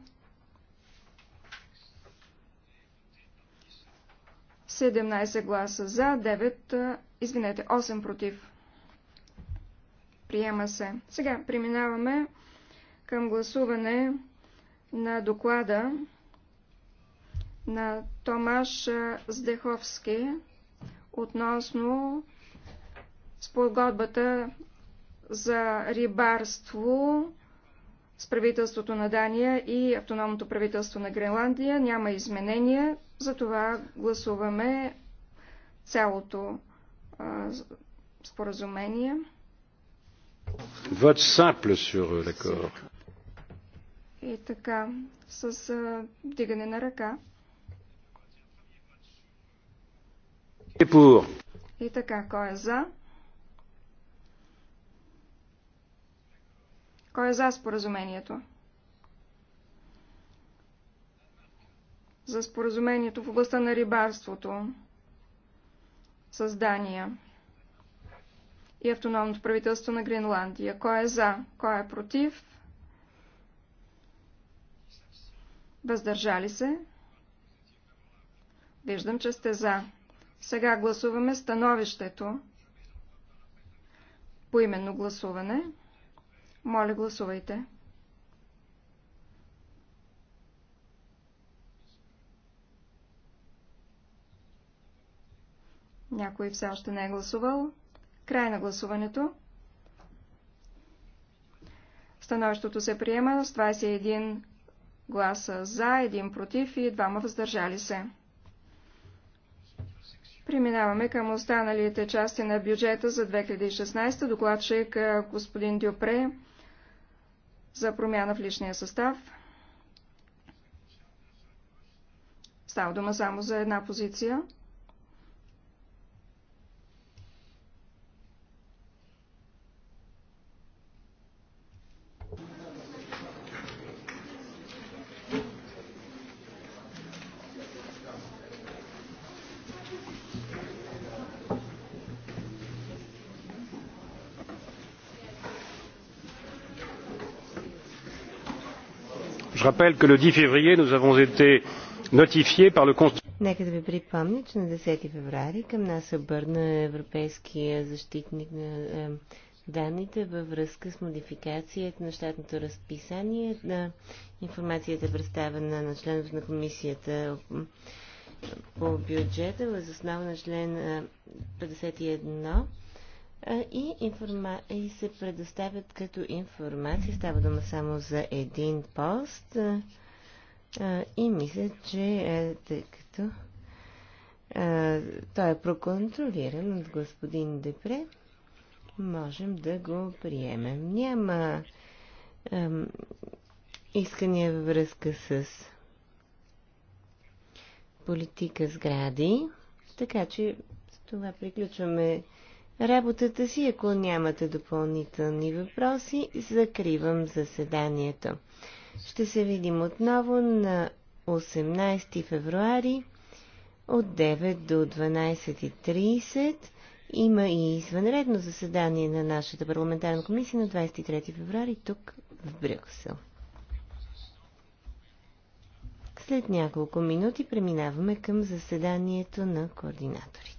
17 гласа за, 9, извинете, 8 против. Приема се. Сега преминаваме към гласуване на доклада на Томаш Здеховски относно спогодбата за рибарство с правителството на Дания и автономното правителство на Гренландия. Няма изменения, затова гласуваме цялото а, споразумение. Vote simple sur euh, l'accord. И така, с а, дигане на ръка. И, pour. И така, кой е за? Кой е за споразумението? За споразумението в областта на рибарството. Създания и автономното правителство на Гренландия. Кой е за? Кой е против? Въздържали се? Виждам, че сте за. Сега гласуваме становището. По именно гласуване. Моля, гласувайте. Някой все още не е гласувал. Край на гласуването. Становището се приема с 21 гласа за, 1 против и 2 въздържали се. Преминаваме към останалите части на бюджета за 2016. Докладчик е, господин Дюпре за промяна в личния състав. Става дума само за една позиция. rappelle que le dix février nous avons été notifiés par le Нека да ви припомня, че на 10 феврари към нас се обърна Европейския защитник на е, данните във връзка с модификацията на щатното разписание на е, информацията е представена на членове на комисията по бюджета въз основа на член 51 е, и, информа... и се предоставят като информация. Става дума само за един пост и мисля, че е, тъй като той е проконтролиран от господин Депре, можем да го приемем. Няма искания във връзка с политика сгради, така че с това приключваме работата си. Ако нямате допълнителни въпроси, закривам заседанието. Ще се видим отново на 18 февруари от 9 до 12.30. Има и извънредно заседание на нашата парламентарна комисия на 23 феврари тук в Брюксел. След няколко минути преминаваме към заседанието на координаторите.